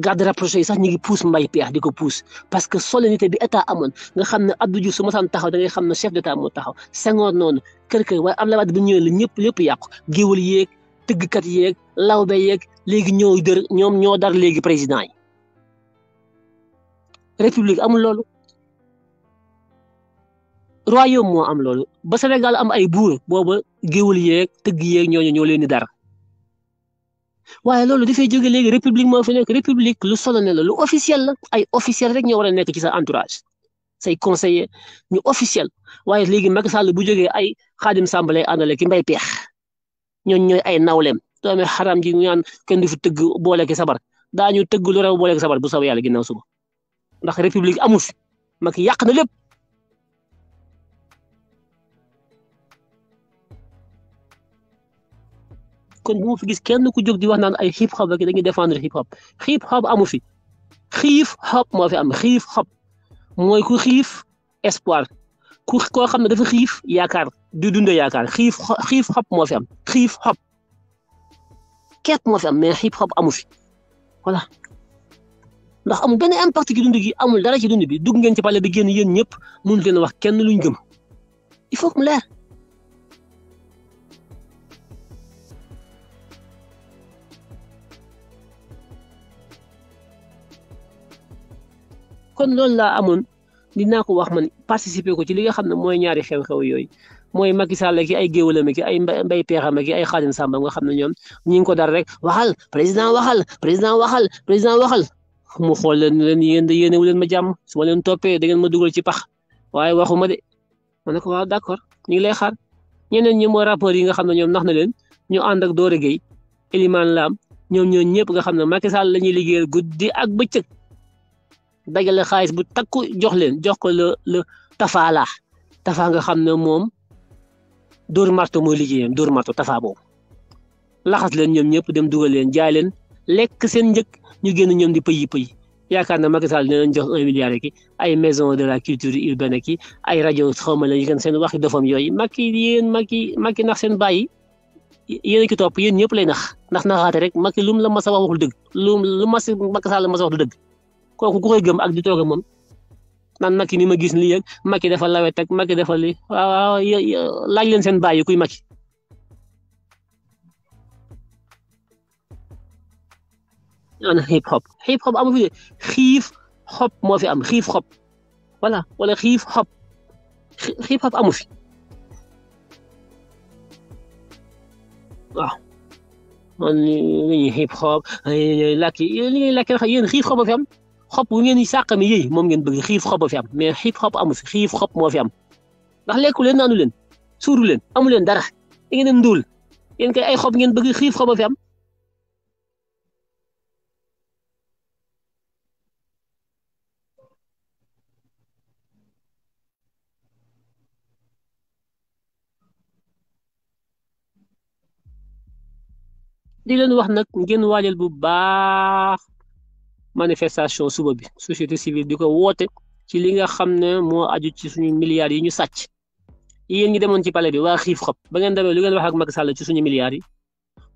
garde rapproché yi sax ñu ngi puus mbay peex di ko puus parce que solennité bi état amoon nga xam ne Abdou Diouf su ma saan taxaw da ngay xam ne chef d'état moo taxaw Senghor noonu kër kër waaye Abdoulaye Wade bu ñëwee la ñëpp lépp yàqu géwal yeeg kat yeeg lawbe yeeg léegi ñoo dër ñoom ñoo dar léegi président yi république amul loolu royaume moo am loolu ba Sénégal am ay buur booba géwul yeeg tëgg yeeg ñooñu ñoo leen di dara waaye loolu dafay jóge léegi république moo fi nekk république lu solennel la lu officiel la ay officiel rek ñoo war a nekk ci sa entourage say conseiller ñu officiel waaye léegi Macky Sall bu jógee ay Xaadim sambale lay àndale ki mbay peex ñooñ ñooy ay nawleem doomi xaram ji ñu naan kenn du fi tëgg boole ki sabar daañu tëgg lu rew boole ki sabar bu saw yàlla ginnaaw suba ndax république amul fi Macky yàq na lépp kon bu ma fi gis kenn ku jóg di wax naan ay hip hop rek dañuy défendre hip hop hip hop amu fi xiif hop moo fi am xiif hop mooy ku xiif espoir ku koo xam ne dafa xiif yaakaar di dund yaakaar xiif xiif hop moo fi am xiif hop képp moo fi am mais hip hop amu fi voilà ndax amul benn impact ci dund gi amul dara ci dund bi dugg ngeen ci pale bi génn yéen ñëpp mënut leen wax kenn luñ gëm il faut que mu leer. kon loolu laa amoon dinaa ko wax man participer ko ci li nga xam ne mooy ñaari xew-xew yooyu mooy Macky Sall ki ay géwëlam ki ay mbay peexam ki ay xaadim sàmba nga xam ne ñoom ñi ngi ko dar rek waxal président waxal président waxal président waxal mu xool leen leen yéen de yéenewu leen ma jàmm su ma leen toppee da ma dugal ci pax waaye waxuma de ma ne ko waaw d'accord ñu ngi lay xaar ñeneen ñi mooy rapport yi nga xam ne ñoom nax na leen ñu ànd ak Doro Gueye Elimane Lam ñoom ñoo ñëpp nga xam ne Macky Sall la ñuy liggéeyal guddi ak bëccëg dajale xaalis bu takku jox leen jox ko le le tafaa laax nga xam ne moom dóor marto mooy liggéeyam dóor marto tafaa boobu laxas leen ñoom ñëpp dem dugal leen jaay leen lekk seen njëkk ñu génn ñoom di pëyi pëyi yaakaar na Macky Sall dinañ jox un milliard ki ay maison de la culture urbaine ki ay rajo xawma la yi kan seen waxi dofam yooyu Macky yéen Macky Macky nax seen bàyyi yéen a ki topp yéen ñëpp lay nax ndax naxaate rek Macky lu mu la mas a wax waxul dëgg lu lu mas Macky Sall mas a wax du dëgg kooku ku koy gëm ak di toog ak moom naan Macky mi ma gis lii ak Macky dafa lawet ak Macky dafa lii waaw laaj leen seen bàyyi kuy Macky ana hip hop hip hop amu fi de xiif xob moo fi am xiif xob voilà wala xiif xob hip hop amu fi waaw man li ñuy hip hop li ñuy lakki li ñuy lakki yéen xiif xob a fi am xob bu ngeen di sàqami yëy moom ngeen bëgg xiif xob a fi am mais xiif xob amu fi xiif xob moo fi am ndax lekku leen naanu leen suuru leen amu leen dara da ngeen dem kay ay xob ngeen bëgg xiif xob a fi am di leen wax nag ngeen waajal bu baax manifestation suba bi société civile di ko woote ci li nga xam ne moo aju ci suñu milliards yi ñu sàcc yéen ñi demoon ci palais bi waa xiif xob ba ngeen demee lu ngeen wax ak Macky suñu milliards yi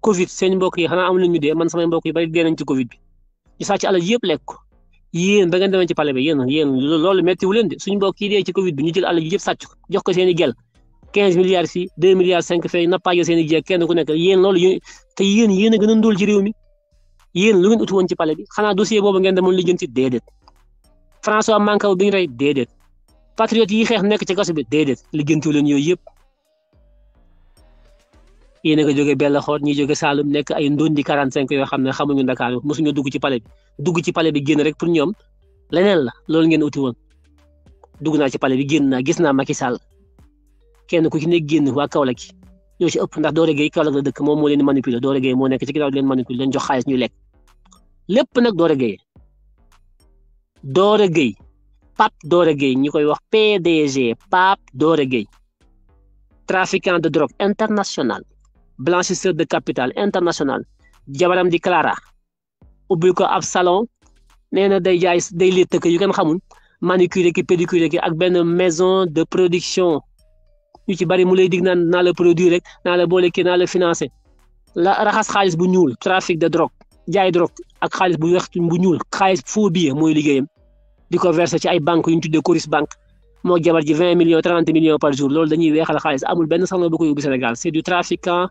Covid seen mbokk yi xanaa am lu ñu man samay mbokk yi bari dee nañ ci Covid bi ñu sàcc alal yëpp lekk ko yéen ba bi yéen yéen loolu metti de suñu mbokk yi dee ci Covid bi ñu jël alal yëpp sàcc ko jox ko seen i gel 15 milliards fii 2 milliards 5 fee nappaajoo seen i jeeg ku nekk yéen loolu te yéen yéen a gën réew mi yéen lu ngeen uti woon ci palais bi xanaa dossier boobu ngeen demoon lijjanti déedéet François Mancabou bi ñu rey déedéet patriote yi xeex nekk ci kaso bi déedéet lijjantiwu leen yooyu yëpp yéen a nga jógee Bellacourt ñi jóge Saalum nekk ay ndondi 45 yoo xam ne xamuñu Ndakaaru mosuñu dugg ci palais bi dugg ci palais bi génn rek pour ñoom leneen la loolu ngeen uti woon dugg naa ci palais bi génn naa gis naa Macky Sall kenn ku ci nekk génn waa Kaolack ñoo ci ëpp ndax Doro Gueye Kaolack la dëkk moom moo leen manipuler Doro Gueye moo nekk ci ginnaaw di leen manipuler leen jox lépp nag Doro Gueye Doro Gueye Pape Doro Gueye ñi koy wax PDG Pape Doro Gueye trafiquant de drogue international blanchisseur de capital international jabaram di Clara ubbi ko ab salon nee na day jaay day létt yu kenn xamul manucure ki ak benn maison de production ñu ci bari mu lay dig naan naa la produire rek naa la boole kii naa la financé la xaalis bu ñuul trafic de drogue jaay drogue ak xaalis bu weex bu ñuul xaalis faux billet mooy liggéeyam di ko versé ci ay banques yu ñu tuddee Coris banque moo jabar ji vingt millions trente millions par jour loolu dañuy weexal xaalis amul benn salon bu ko yóbbu Sénégal c' du trafiquant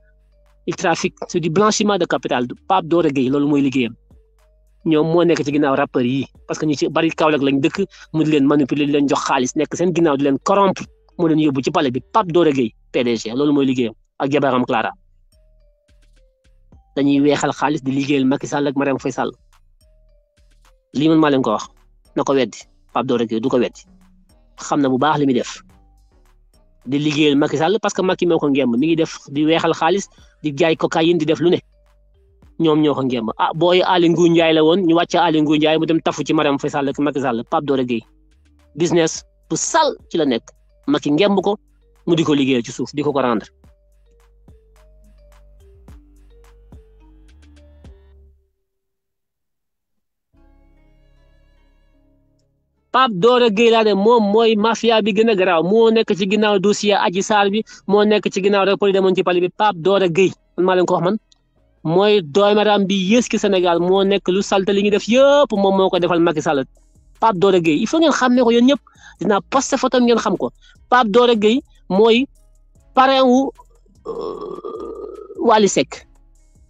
il trafic du blanchiment de capital du Pape Dore Gueye loolu mooy liggéeyam ñoom moo nekk ci ginnaaw rappeurs yi parce que ñu ci bari Kaolack lañ dëkk mu di leen manipuler di leen jox xaalis nekk seen ginnaaw leen corrompre. moo leen yóbbu ci palais bi Pape Dore Gueye PDG loolu mooy liggéeyam ak jabaram Clara dañuy weexal xaalis di liggéeyal Macky Sall ak Mariam Faye Sall lii man maa leen ko wax na ko weddi Pape Dore Gueye du ko weddi xam na bu baax li muy def di liggéeyal Macky salla parce que Macky moo ko ngemb mi ngi def di weexal xaalis di jaay cocaïne di def lu ne ñoom ñoo ko ngemb ah booy Aly Ngouille Ndiaye la woon ñu wàcce Aly Ngouille Ndiaye mu dem tafu ci Mariam Faye Sall ak Macky Sall Pape Dore Gueye business ci la nekk. Macky ngemb ko mu di ko liggéeyal ci suuf di ko ko rendre Pape Dore Gueye laa ne moom mooy mafia bi gën a garaaw moo nekk ci ginnaaw dossier Adji Sarr bi moo nekk ci ginnaaw rapport yi demoon ci pali bi Pape Dore Gueye man maa leen ko man mooy doomeram bi yées ki Sénégal moo nekk lu salte li ñu def yëpp moom moo ko defal Macky Sall Pape Dore Gueye il faut ngeen xàmmee ko yéen ñëpp dinaa posté photo ngeen xam ko Pape Dore gey mooy parrain wu euh, Wally Seck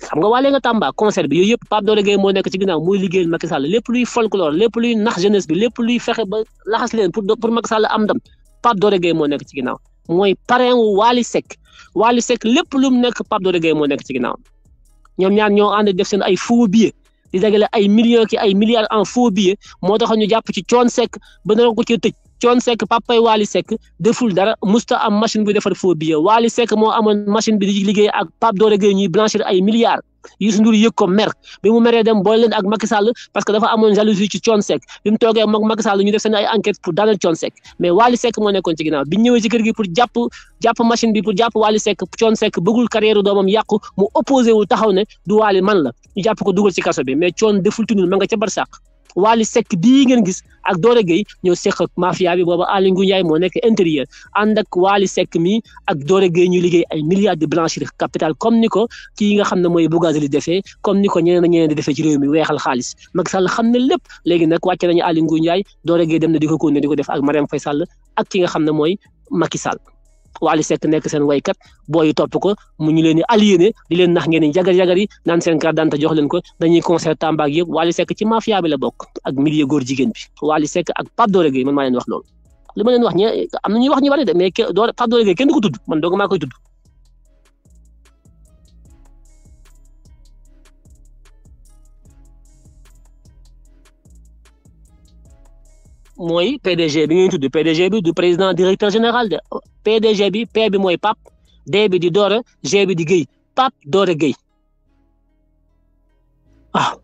xam nga Wally Tamba concert bi yooyu yëpp Pape Dore Gueye moo nekk ci ginnaaw muy liggéeyal Macky Sall lépp luy folklore lépp luy nax jeunesse bi lépp luy fexe ba laxas leen pour pour Macky Sall am ndam Pape Dore Gueye moo nekk ci ginnaaw mooy parrain wu Wally Seck Wally Seck lépp lu mu nekk Pape Dore Gueye moo nekk ci ginnaaw ñoom ñaar ñoo ànd def seen ay fo billets di dagale ay millions ki ay milliards en faux billets moo tax ñu jàpp ci coon sekk ba ko cee tëj coon sekk papay Waly Seck deful dara musta am machine bu defar faux billet Waly Seck moo amoon machine bi di liggéey ak Pape Doré Gueye ñuy blanchir ay milliards Youssou Ndour yëg ko mer bi mu meree dem boole leen parce que dafa amoon jalousie ci Thione Seck bi mu toogee moom Macky Sall ñu def seen ay enquête pour daaneel Thione Seck mais Wally Seck moo nekkoon ci ginnaaw bi ñu ñëwee gi pour jàpp jàpp machine bi pour jàpp Wally Seck Thione Seck bëggul carrière doomam yàqu mu opposé wu taxaw ne du Wally man la ñu jàpp ko dugal ci kaso bi mais Thione deful tunul ma nga ca barsàq Wally Seck bii ngeen gis ak Doro Gueye ñoo seq ak mafia bi booba Aly Ngouille moo nekk intérieur ànd ak Wally Seck mi ak Doro Gueye ñu liggéey ay miliare de blanchir capital comme ni ko kii nga xam ne mooy Bougazelli defee comme ni ko ñeneen ak ñeneen di defee ci réew mi weexal xaalis Macky Sall xam ne lépp léegi nag wàcce nañu Aly Ngouille Ndiaye gey dem na di ko continuer di ko def a Marième Faye Sall ak ki nga xam ne mooy Macky Sall Wally Seck nekk seen waykat booyi topp ko mu ñu leen di aliéné di leen nax ngeen di jagar-jagar naan seen carte d'identité jox leen ko dañuy concert Tamba ak yëpp Wally Seck ci mafia bi la bokk ak bi Wally Seck ak Pape Doré Gueye man maa leen wax loolu li ma leen wax ñu bari de mais Pape Doré Gueye kenn du ko tudd man dooga maa koy tudd mooy PDG bi ñuy tudd PDG bi du président directeur général de PDG bi P bi mooy Pap D bi di Doore G bi di Guèye Pap Doore Guèye Ah!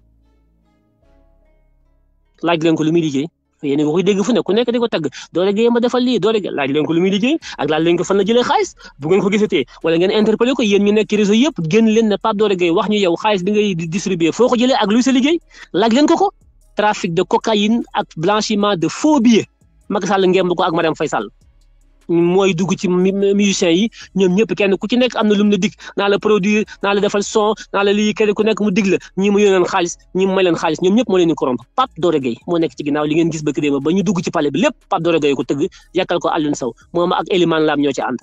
laaj leen ko lu muy liggéey yéen a ngi koy dégg fu ne ku nekk di ko tagg Doore Guèye ma defal li, Doore Guèye laaj leen ko lu muy liggéey ak laaj leen ko fan la jëlee xaalis bu ngeen ko gisatee wala ngeen interpellé ko yéen ñu nekk ci réseau yëpp génn leen ne Pap Doore Guèye wax ñu yow xaalis bi ngay distribuer foo ko jëlee ak luy sa liggéey laaj leen ko ko trafic de cocaïne ak blanchiment de faux billets Macky Sall ngemb ko ak Marième Faye moy mooy dugg ci musiciens yi ñom ñëpp kenn ku ci nekk amna lu mu la dig naa la produire na la defal son na la lii kenn ku nekk mu dig la ñi mu yoneen xaliss ñi mu may leen xaalis ñoom ñëpp moo leen di corrompre Pape Dore gay mo nekk ci ginaaw li ngeen gis ba créé ba ñu dugg ci palais bi lepp Pape Dore gay ko teug yakal ko Alioune saw moma ak eliman Lam ñoo ci and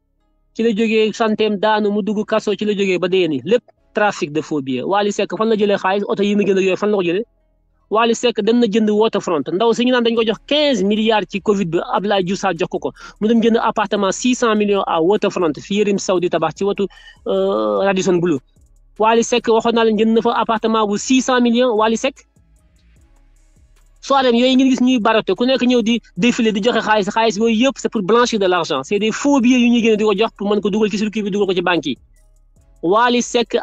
ci la jógee santeem daanu mu dugg kaso ci la jógee ba dee ni lépp de faux billets Wally Seck fan la oto yi mu gën a yooyu fan la ko jëlee Wally Seck dem na jënd Waterfront ndaw si dañ ko jox 15 milliards ci Covid bi Abdoulaye Diouf Sarr jox ko ko mu dem jënd appartement 600 millions à Waterfront fii Yérim Sow tabax ci watu euh, Radisson Blu Wally Seck waxoon naa leen jënd na fa appartement bu 600 millions Wally soirée yooyu ngeen gis ñuy barote ku nekk ñëw di défilé di joxe xaalis xaalis yooyu yëpp c'est pour blanchir de l'argent c'est des faux billets yu ñuy génne di ko jox pour mën ko dugal ci circuit bi dugal ko ci banque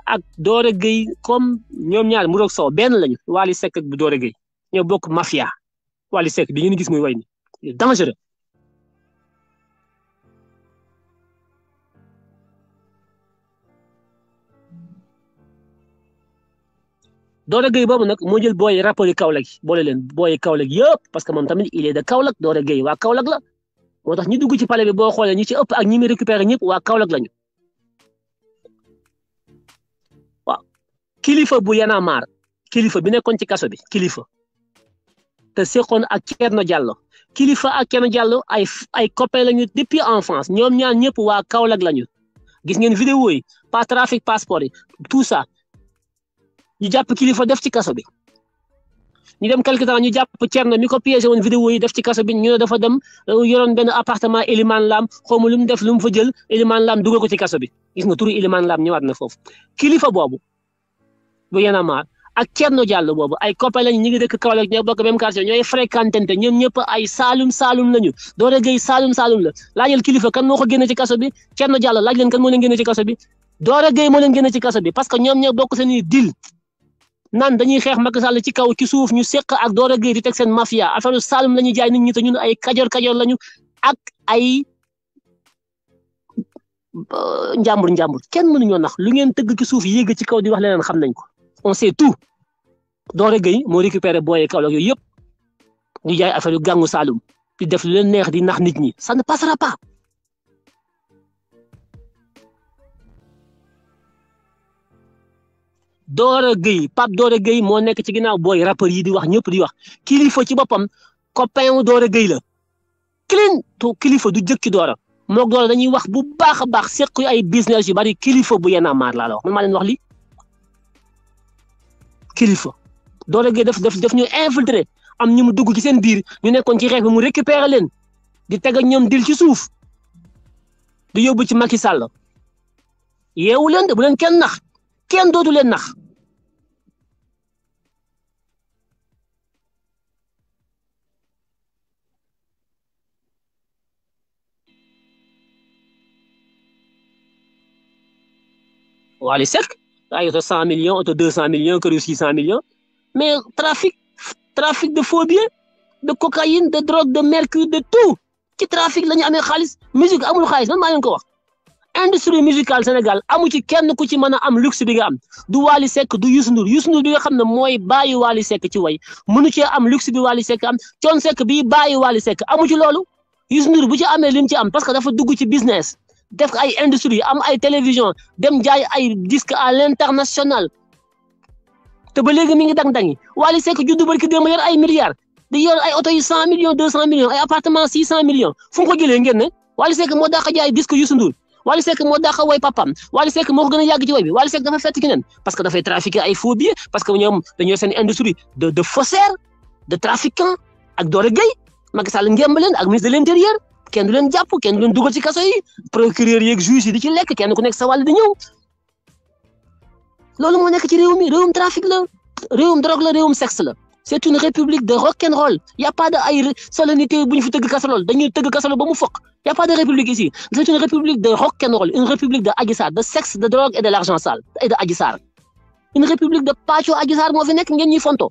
ak Dora Gueye comme ñoom ñaar Mburok Sow benn lañu Waly Seck ak Dora Gueye ñoo bokk mafia Waly sek bi ngeen gis muy way ni dangereux Doro Gueye boobu nag moo jël booy rapport yi Kaolack yi boole leen booy Kaolack yëpp parce que moom tamit il est de Kaolack Doro Gueye waa Kaolack la moo tax ñi dugg ci palais bi boo xoolee ñi ci ëpp ak ñi muy récupéré ñëpp waa Kaolack lañu waaw kilifa bu Y'en a kilifa bi nekkoon ci kaso bi kilifa te seqoon ak Thierno Diallo kilifa ak Thierno Diallo ay ay copains lañu depuis enfance ñoom ñaan ñëpp waa Kaolack lañu gis ngeen vidéo yi pas trafic passeport yi tout ça. ñu jàpp kilifa def ci kaso bi ñu dem quelque temps ñu jàpp Thierno mi ko piégé woon vidéo yi def ci kaso bi ñu ne dafa dem euh, yoroon benn appartement Eliman Lam xaw ma lu mu def lu mu fa jël Eliman Lam dugal ko ci kaso bi gis nga turu Eliman Lam ñëwaat na foofu kilifa boobu bu yéen ak Thierno Diallo boobu ay copains lañu ñu ngi dëkk Kaolack ñoo bokk même quartier ñooy fréquentante ñoom ñëpp ay Saalum Saalum lañu Doore Gueye Saalum Saalum la laajal kilifa kan moo ko génne ci kaso bi Thierno Diallo laaj leen kan moo leen génne que ñoom i nan dañuy xeex Macky Sall ci kaw ci suuf ñu seq ak Doro Gueye di teg seen mafia affaire Saloum la ñuy jaay nit ñi te ñun ay kajoor kajoor lañu ak ay euh, njàmbur njàmbur kenn mënuñoo nax lu ngeen tëgg ci suuf yéeg ci kaw di wax leneen xam nañ ko on sait tout Doro Gueye moo récupéré booyee Kaolack yooyu yëpp ñu jaay affaire yu gàngu Saloum di def lu leen neex di nax nit ñi ça ne passera Dora Gueye Pape Dora Gueye moo nekk ci ginnaaw booy rappeurs yi di wax ñëpp di wax kilifa ci boppam copain wu Dora Gueye la clean to kilifa du jëkki door moog Dora dañuy wax bu baax a baax seq ay business yu bari kilifa bu yena maar laa la wax man maa leen wax li kilifa Dora Gueye daf daf daf ñu infiltrer am ñu mu dugg ci seen biir ñu nekkoon ci xeex bi mu récupérer leen di teg ak ñoom dil ci suuf di yóbbu ci Macky Sall yeewu leen de bu leen kenn nax kenn dootu leen nax. waa li sekk ay millions oto 200 millions que 600 millions mais trafic trafic de faux biens, de cocaïne de drogue de mercure de tout Qui trafic la ñu amee musique amul xaalis man maa leen ko wax industrie musicale Sénégal amu ci kenn ku ci mëna am luxe bi nga am du Wally Seck du Youssou Ndour Youssou Ndour bi nga xam moy mooy bàyyi Seck ci way mënu ci am luxe bi Wally Seck am Thione Seck bi bàyyi Wally Seck amu ci lolu Youssou Ndour bu ci amé lim ci am parce que dafa dugg ci business def ay industrie am ay télévision dem jaay ay disque à l'international te ba léegi mi ngi dang-dangi Wally Seck juddu barki démb yor ay milliards di yor ay oto yu cent millions deux cent ay appartement six cent millions fu mu ko jëlee ngeen ne Wally Seck moo dàq jaay disque Youssou Ndour Wally Seck moo dàq papam Wally Seck moo ko gën a yàgg ci woy bi Wally Seck dafa fett ki neen parce que dafay trafiquer ay faux billets parce que ñoom dañoo seen industrie de de kenn du leen jàpp kenn du leen dugal ci kaso yi procureur yeeg juge yi di ci lekk kenn ku nekk sa wàll di ñëw loolu moo nekk ci réew mi réewum trafic la réewum drogue la réewum sexe la c'est une république de rock and roll y a pas de ay solennité bu ñu fi tëgg kasalol dañuy tëgg kasalol ba mu fokk y a pas de république ici c'est une république de rock and roll une république de agissar de sexe de drogue et de l'argent sale et de agissar une république de pàccu agissar Sarr moo fi nekk ngeen ñuy fonto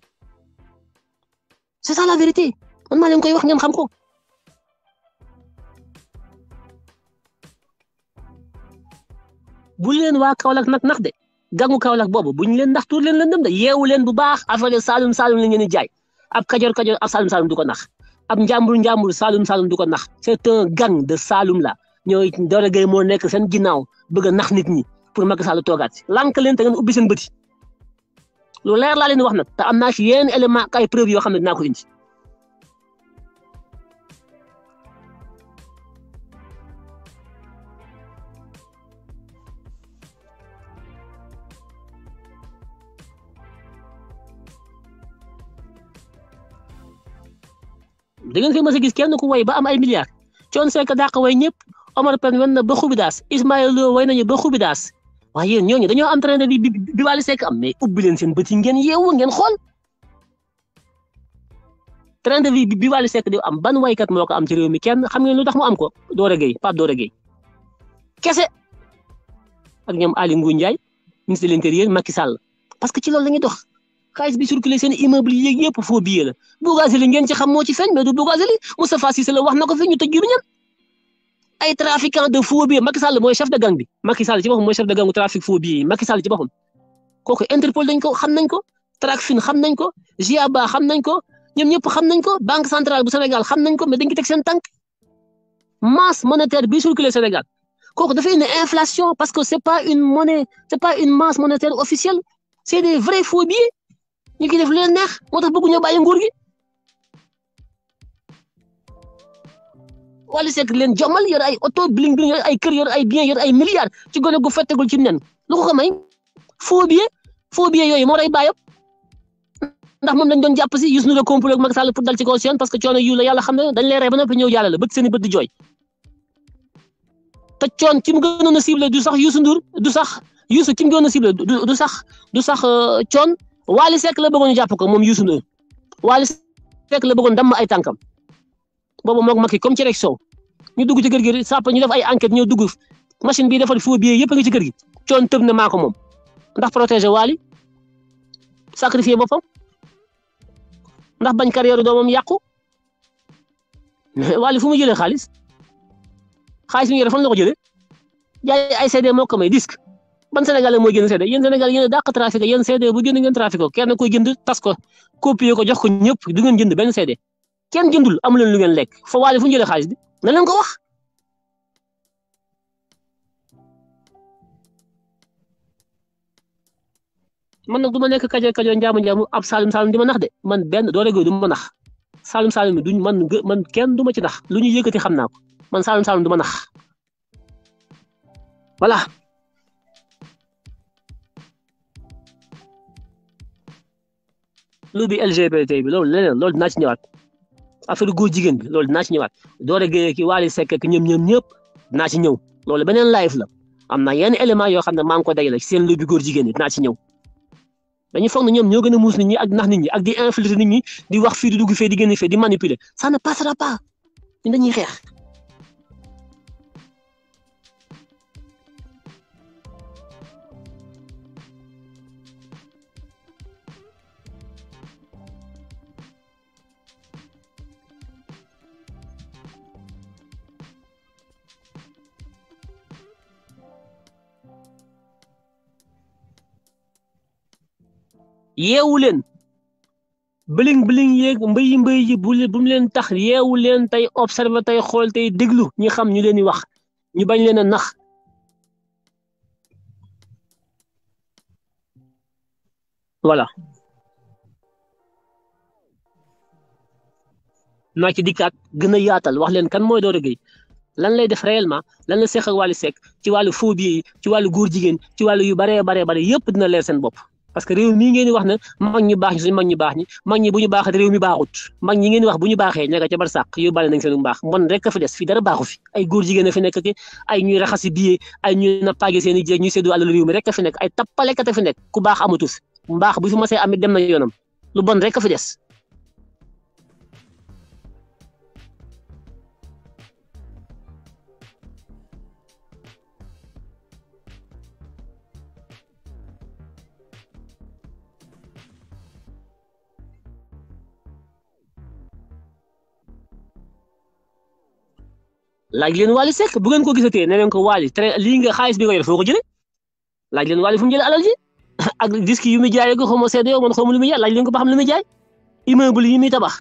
c'est ça la vérité man maa leen koy wax ngeen xam ko bu leen waa Kaolack nag nax de gàngu Kaolack boobu bu ñu leen ndax tuur leen dem de yeewu leen bu baax a Saalum Saalum la ngeen di jaay ab Kajoor Kajoor ab Saalum Saalum du ko nax ab njàmbur njàmbur Saalum Saalum du ko nax c'est un gang de Saalum la ñooy Doro Gaye moo nekk seen ginnaaw bëgg a nax nit ñi pour Macky Sall toogaat si lànk leen te ngeen ubbi seen bëti lu leer laa leen wax nag te am naa ci yenn élément ak ay preuve yoo xam ne dinaa ko indi da ngeen fi mës a gis kenn ku woy ba am ay milliards Thione Seck dàq way ñëpp Omar Pène wan na ba xubidaas Ismaël Lo way nañu ba xubidaas waaye yéen ñooñu ñoo am train di di Wally Seck am mais ubbi leen seen bët yi ngeen yeewu ngeen xool train de vie bi Wally Seck di am ban waykat moo ko am ci réew mi kenn xam ngeen lu tax mu am ko Dora Gueye Pape Dora Gueye kese ak ñoom Aly Ngouille Ndiaye ministre de l'intérieur Macky Sall parce que ci loolu la ñuy dox. xaalis bi circulé seen immeuble yeeg yëpp faux billet la Bougazelli ngeen ci xam moo ci feeñ mais du gazeli Moustapha Cissé la wax na ko fi ñu tëj ñam ay trafiquant de faux billets Macky Sall mooy chef de gang bi Macky Sall ci boppam mooy chef de gangu trafic faux billets Macky Sall ci boppam kooku Interpol dañ ko xam nañ ko Tracfin xam nañ ko GIABA xam nañ ko ñoom ñëpp xam nañ ko Banque centrale bu Sénégal xam nañ ko mais dañ ko teg seen tànk masse monétaire bi circulé Sénégal kooku dafay une inflation parce que c'est pas une monnaie c'est pas une masse monétaire officielle c'est des vrais faux billets ñu ngi def lu leen neex moo tax bëgguñoo bàyyi nguur gi Wally Seck leen jommal yor ay oto bling bling yor ay kër yor ay bien ay milliards ci gone gu fettegul ci nen lu ko ko may faux billet faux billet yooyu moo rey bàyyam ndax moom dañ doon jàpp si Youssou Ndour complot ak Macky Sall pour dal ci kaw seen parce que coono yu la yàlla xam ne dañ lay rey ba noppi ñëw yàlla la bët seen i bët di jooy coon ki mu gënoon a du sax Youssou Ndour du sax Youssou ki mu gënoon a ciblé du sax du sax euh, coon Wally Seck la bëggoon jàpp ko moom Youssou Ndour Wally Seck la bëggoon damm ay tànkam boobu moog maki comme ci rek sow ñu dugg ci kër gi sàpp ñu def ay enquête ñëw dugg machine bi defal faux billets yëpp a ngi ci kër gi coon tëb na maa ko moom ndax protéger Wally sacrifier boppam bañ carrière doomam yàqu Wally fu mu jëlee xaalis xaalis bi nga fan la ko jëlee jaay ay CD moo ko may disque ban sénégalais mooy jënd CD yéen sénégalais yéen a dàq trafiqué yéen CD bu jënd ngeen trafiqué ko kenn koy ko copier ko jox ko ñëpp du ngeen jënd benn CD kenn jëndul amu leen lu ngeen lekk fa waale fu ñu jëlee xaalis bi na leen wax. man nag du ma nekk kajoor kajoor njaamu njaamu ab saalum saalum di ma nax de man benn doole googu du ma nax saalum saalum duñ man man kenn du ci nax lu ñu yëkkati xam naa ko man saalum saalum du ma nax voilà. lu bi LGBT bi loolu leneen loolu dinaa ci ñëwaat affaire góor jigéen bi loolu dinaa ci Doro Gueye ki Wally Seck ki ñoom ñoom ñëpp dinaa ci ñëw loolu beneen élément yoo xam ne maa ngi ko dajale ci seen lu bi góor jigéen bi dinaa ci ñëw dañu a di infiltrer nit di wax fii di dugg fee di génn fee di manipuler xeex yeewu leen biling biling mba mbéy mbéy yi bu bu mu leen tax yeewu leen tey observé tey xool tey déglu ñi xam ñu leen di wax ñu bañ leen a nax voilà naa ci dikkaat gën a yaatal wax leen kan mooy Doro Gueye lan lay def réellement lan la seq ak Wally Seck ci wàllu phobie yi ci wàllu góor jigéen ci wàllu yu baree bare bare yëpp dina leer seen bopp parce que réew mii ngeen di wax ne mag ñu baax ñi suñu mag ñu baax ñi mag ñi bu ñu baaxee réew mi baaxut mag ñi ngeen di wax bu ñu baaxee a fi des fii dara baaxu fi ay góor jigéen a fi nekk ki ay ñuy raxasi biye ay ñuy nappaage seen i jéeg ñuy séddu àlal réew mi a fi nekk ay tappalekat a fi nekk ku baax amatu fi mbaax bu fi masee amit dem na yoonam lu bon rek fi des laaj leen Wally Seck bu ngeen ko gisatee ne leen ko Wally très lii nga xaalis bi nga yor foo ko jëlee laaj leen Wally fu mu jëlee alal ji ak yu muy jaayee ko xaw ma seede yow man xaw ma lu muy jaay laaj tabax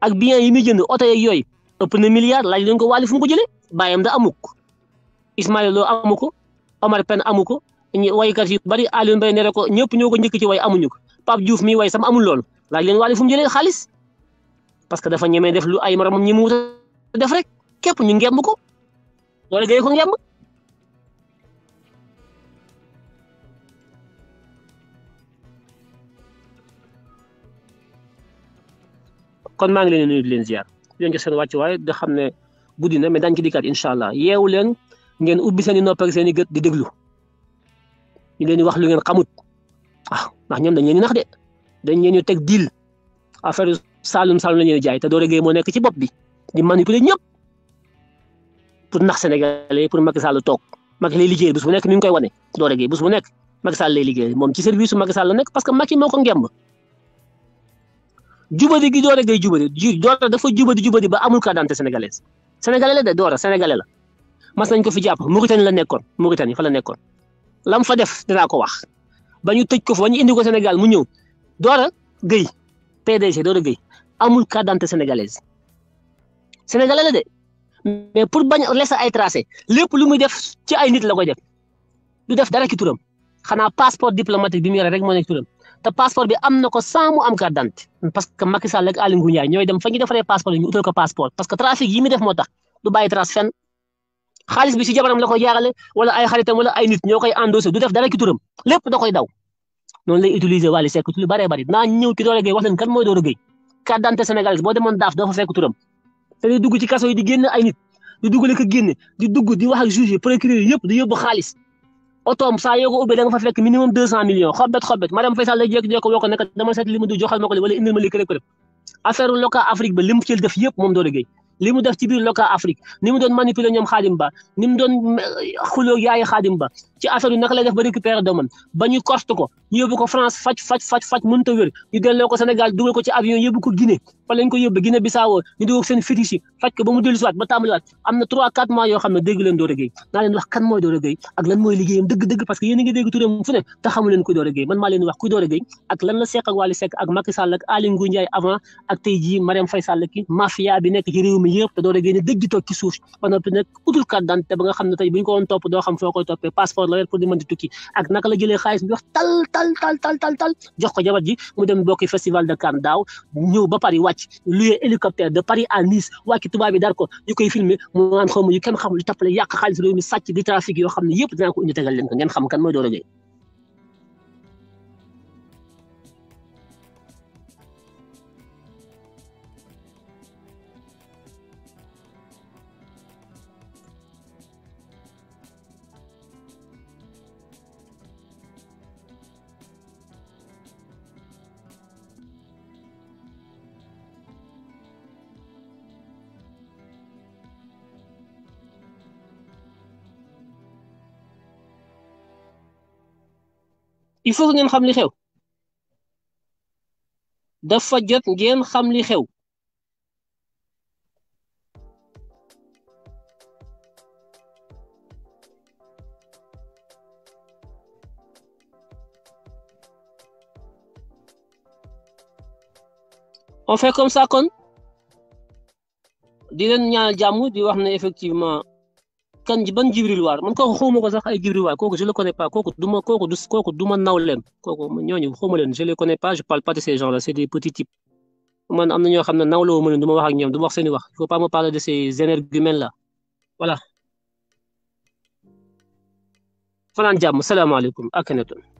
ak bien yi muy jënd oto yeeg yooyu ëpp na milliard laaj leen ko Wally fu mu ko jëlee bàyyam da amu ko Ismaïla Lo amu ko Omar Pène amu ko ñu waykat yu bari ali Mbaye nere ko ñëpp ñoo ko njëkk ci way amuñu ko Pape Diouf mi way sam amul loolu laaj leen Wally fu mu jëlee xaalis parce que dafa ñemee def lu ay moromam ñi mu wut def rek képp ñu ngemb ko wala gay ko ngemb kon maa ngi leen di nuyu di leen ziar di leen jox seen wàccuwaay da xam ne guddi na mais daañu ci dikkaat allah yeewu leen ngeen ubbi seen i nopp ak seen i gët di déglu ñu leen di wax lu ngeen xamut waaw ah, ndax ñoom dañ leen nax de dañ leen di teg dil affaire saalum saalum la ñuy jaay te Doro Gueye moo nekk ci bopp bi di manipuler ñëpp. pour nax Sénégalais pour Macky Sall toog Macky lay liggéey bés bu nekk ni ñu koy wane Doro Gaye bés bu nekk Macky Sall lay liggéey moom ci service su Macky Sall la nekk parce que Macky moo ko ngemb jubadi gi Doro Gaye jubadi ju dafa jubadi jubadi ba amul carte d'identité sénégalaise sénégalais la de Doro sénégalais la mas nañ ko fi jàpp Mauritanie la nekkoon Mauritanie fa la la lam fa def dinaa ko wax ba ñu tëj ko fa ba ñu indi ko senegal mu ñëw Doro Gaye PDG Doro Gaye amul carte d'identité sénégalaise sénégalais la mais pour bañ a laisser ay tracé lépp lu muy def ci ay nit la koy def du def dara ki turam xanaa passeport diplomatique bi mu yore rek moo nekk turam te passeport bi am na ko am carte d'identité parce que Macky Sall ñooy dem fa ñu defaree passeport ñu utal ko passeport parce que trafic yi def moo tax du bàyyi trace fenn xaalis bi si jabaram la koy jaarale wala ay xaritam wala ay nit ñoo koy endossé du def dara ki turam lépp da koy daw noonu lay utiliser Wally Seck ci lu bëree bëri naa kan te dug dugg ci kaso yi di génn ay nit di duggale ko génne di dugg di wax ak juge procureur yëpp di yóbbu xaalis otoom saa yoo ko ubbee da nga fa fekk minimum deux cent millions xobet xobet madame Faye Sall lay jékki-jékki woo ko nekk dama seet li mu du ma ko wala indil ma li kërëb kërëb affaire local ba li mu ci def yëpp moom Doro Gueye li def ci biir local Afrique ni mu doon manipuler ñoom Ba ni mu doon eh, xuloo yaayi Ba ci affaire yu naka lay def ba récupérer doomam ko ñu yóbbu faj faj faj faj mënut a wér ñu delloo ko Sénégal ko ci avion yóbbu ko Guinée fa lañ ko yóbbu Guinée Bissau ñu di seen fétiche yi ba mu dellu waat ba tàmbaliwaat am na 3 4 mois yoo xam ne dégg leen Doro Gueye naa leen wax kan mooy Doro Gueye ak lan mooy liggéeyam dëgg-dëgg parce que yéen a ngi dégg turam fu xamu leen kuy Doro Gueye man maa leen wax kuy Doro Gueye ak lan la seq ak Wally Seck ak Macky Sall ak Aly Ngouille avant ak tey jii Marième Faye Sall ki bi nekk ci réew mi yëpp te Doro ne dëgg wàcc luye hélicoptère de Paris à Nice wàcc tubaab yi dar ko ñu koy filmer mu naan xaw ma yu kenn xamul yu tappale yàq xaalis réew mi sàcc di trafic yoo xam ne yëpp dinaa ko indi tegal leen xam kan mooy Doro il faut que ngeen li xew dafa jot ngeen xam li on fait comme ça kon di len ñaanal di effectivement kan ban jibril waar man kooku xawma sax ay jibril waar kooku je le connais pas koku du koku kooku du kooku du ma naw leen kooku ñooñu xawma leen je les connais pas je parle pas de ces gens là c'est des petits types man amna na ñoo xam ne nawloo duma wax ak ñom duma wax seen wax faut pas me parler de ces énergumènes là voilà fanaan jàmm salam alaykum. Akhenaton